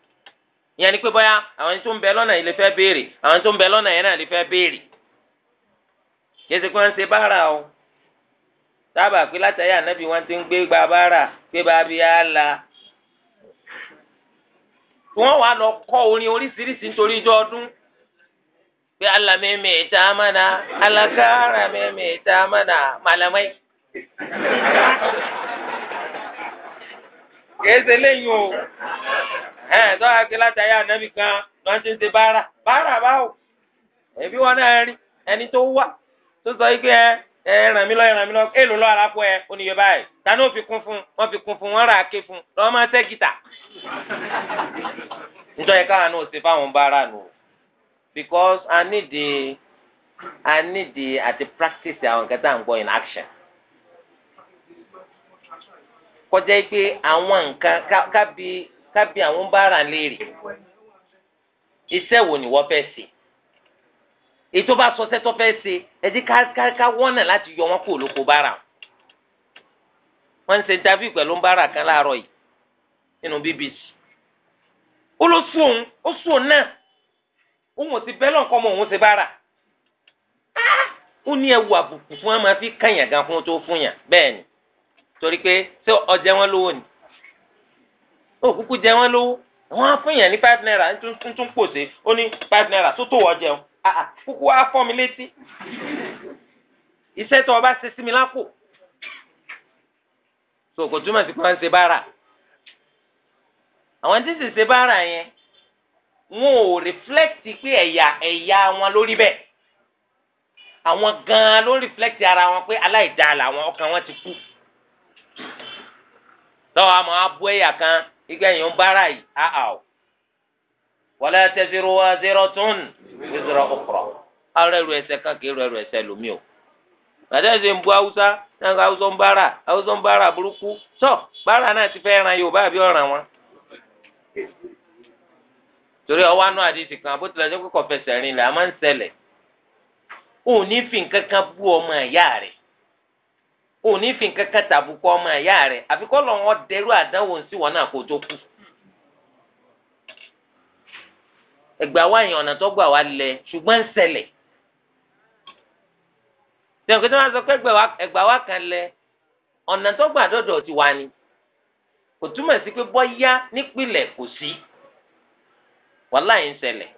Speaker 1: ìyẹn ni pé bọ́yá àwọn tó ń bẹ lọ́nà yìí lè fẹ́ béèrè àwọn tó ń bẹ lọ́nà yẹn náà lè fẹ́ béèrè yẹsẹ kí wọn ṣe bára o sábà pé látàrí ànábì wọn ti ń gbé gba bára pé bábí á la wọn wà lọ kọ orin oríṣiríṣi nítorí ijó ọdún pé alamẹmẹ ìta amánà alákàrà mẹmẹ ìta amánà malamai
Speaker 2: kèése lẹ́yìn o
Speaker 1: ẹ tọ́ka pé látàrí ànábì kan lọ́n ti ń ṣe bára bára báwo ẹbí wọn náà rí ẹni tó wà. tó sọ yìí pé ẹ ẹ ràn mí lọ ràn mí lọ èlò lọ àràpọ ẹ oníyẹ báyìí tani ó fi kún fún wọn fi kún fún wọn rà á ké fún lọ máa tẹ gìtà níjọ yẹ káwọn náà ṣe fáwọn bára nù because I need the I need the àti practice àwọn nǹkan tá à ń gbọ́ in action kọjá pé àwọn nǹkan kábí kábí àwọn bára léèrè iṣẹ́ wo ni wọ́n fẹ́ ṣe. ètò bá sọ sẹ́tọ́ fẹ́ ṣe ẹdí ká wọ́nà láti yọ wọn kúrò lóko bára wọn ṣe interview pẹ̀lú bára kan láàárọ̀ yìí nínú BBC ó ló sún òun ó sún òun náà òun ò ti bẹ́ẹ̀ lọ́nkọ́ mọ òun ṣe bára ah! ó ní ẹwù àbùkù fún wọn máa fi kànyàn gan fún tó fún yàn bẹ́ẹ̀ ni torí pé ṣé ọjẹ́ wọn lówó ni ó kúkú jẹ wọn lówó wọn á fún yàn ní five naira ń tún pòṣe ó ní five naira tó tó wọ́ jẹun Ah, ah, kúkú wá fọ́ mi létí iṣẹ́ tó o bá ṣe sí mi lápò so kò túmọ̀ sí pé wọ́n ń ṣe bára àwọn tí sì ṣe bára yẹn wọn ò reflect pé ẹ̀yà ẹ̀yà wọn lórí bẹ́ẹ̀ àwọn gan-an ló reflect ara wọn pé aláìdáa làwọn ọkàn wọn ti kú tọ́wọ́ àmọ́ abú ẹ̀yà kan igbẹ́yìn ń bára yìí áà o wala taziru waziratun wizra ukhra arọ ẹrù ẹ̀ṣẹ̀ kan kì í rọ ẹrù ẹ̀ṣẹ̀ lómi o màtẹ́sí ń bu haúsá náà ká haúsá ń bára haúsá ń bára burúkú tọ́ bára náà ti fẹ́ ran yorùbá àbí ọ̀ràn wọn. torí ọwọ́ anú àdìsí kan bó tilẹ̀ jẹ́ pé kọ̀fẹ́sẹ̀ rìn lẹ̀ a máa ń ṣẹlẹ̀ ò ní fi nǹkan kan ọmọ ìyá rẹ̀ ò ní fi nǹkan kan ọmọ ìyá rẹ̀ àfikọ́ lọ́wọ́ dẹrú àdánwò sí wọn náà kó tó kú. ẹgbàá wá yẹn ọ̀nà tó gbà wá lẹ ṣùgbọ́n ń ṣẹlẹ̀ tẹ̀wọ̀n kí tó máa sọ pé ẹgbàá wá kan lẹ ọ̀nà tó gbà dọ̀dọ̀ ti wá ni kò túmọ̀ sí pé bọ́yá nípìnlẹ̀ kò sí wàláhì ń ṣẹlẹ̀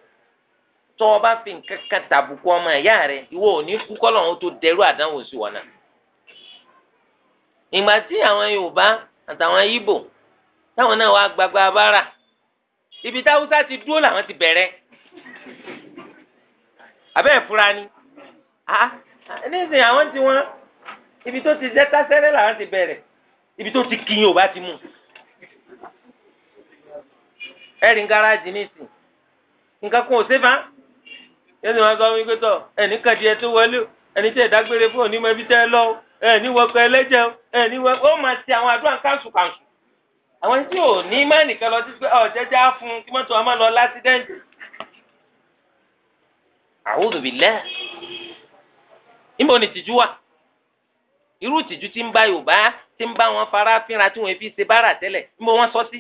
Speaker 1: tó o bá fi nǹkan kan tàbùkù ọmọ ẹ̀yà rẹ ìwọ ò ní kú kọ́lọ̀ ohun tó dẹrú àdánwò sí wọn náà ìgbà tí àwọn Yorùbá àtàwọn Ìgbò táwọn náà wá gbagbá bára ibi tí haúsá ti dúró làwọn ti bẹ̀rẹ̀ abẹ́ ìfura ni ah, ah, nísìnyí àwọn ti wọn ibi tó ti zẹ́ta sẹ́rẹ́ làwọn ti bẹ̀rẹ̀ ibi tó ti kiyin ò bá ti mú ẹ̀rí ń gáràjì nísìnyí nǹkan kan ò séfà yóò sì máa sọ wí pé tọ ẹnì kan di ẹ tó wọlé ẹni tí ẹ̀dá gbére fún òní mọ ibi tẹ́ ẹ lọ ẹni wọkọ ẹlẹ́jẹ̀ ẹni wọkọ ó máa ti àwọn àdúrà káńsù káńsù àwọn tí ò ní má nìkan lọ títí pé ọ jẹjẹ á fún kí mọ́tò ọmọ lọ lásídẹ́ǹtì. a'udhu billah níbo ni tìjú wà irú tìjú tí ń bá Yorùbá tí ń bá wọn fara fínra tí wọn fi ṣe bára tẹ́lẹ̀ níbo wọn sọ sí.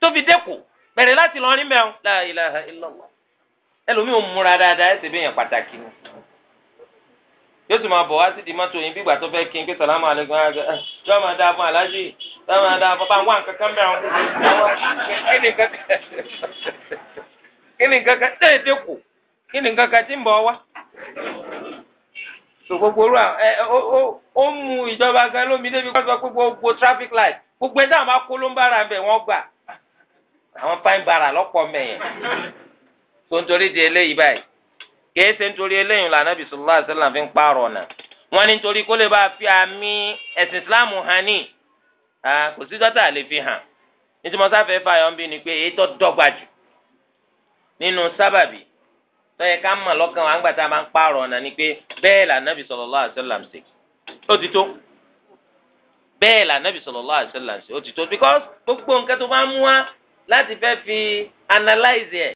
Speaker 1: tóbi dẹ́kun bẹ̀rẹ̀ láti lọ rí mẹ́rin la ilaha illallah ẹlòmíì ò múra dáadáa ẹsẹ̀ bẹ́ẹ̀ pàtàkì ni yóò sì máa bọ̀ wá sí di mọ́tò yín bí ìgbà tó fẹ́ kí n pé sàlámù alẹ́kùn ẹ̀ ṣé wọ́n máa dáa fún aláàjì ṣé máa dáa fún báwọn wà kankan bẹ́ẹ̀ kí ni kankan kí ni kankan tẹ́ dẹ́kù kí ni kankan tí ń bọ̀ wá. sọ gbogbo rú ẹ ó ìjọba gan lómi débi kó sọ pé gbogbo traffic light gbogbo àwọn ń bára gbà àwọn fáìn tó ń torí di eléyìí báyìí kìí ṣe nítorí eléyìí la Nabi sallallahu alaihi wasallam fi ń pààrọ̀ ọ̀nà wọn ni nítorí kó lè bá a fi àmì ẹ̀sìn Islam hàn ní kò sí dọ́tà lè fi hàn nítorí wọn sáfẹ́ fààyàn bí ni pé èyí tó dọ́gba jù nínú sábàbí tó yẹ ká mọ̀ lọ́kàn wa ńgbà máa ń pààrọ̀ ọ̀nà ni pé bẹ́ẹ̀ la Nabi sallallahu alaihi wasallam ṣe ó ti tó bẹ́ẹ̀ la Nabi sallallahu alaihi wasallam ṣe ó ti tó because gbogbo nǹkan tó bá mú wa láti fẹ́ fi analyze ẹ̀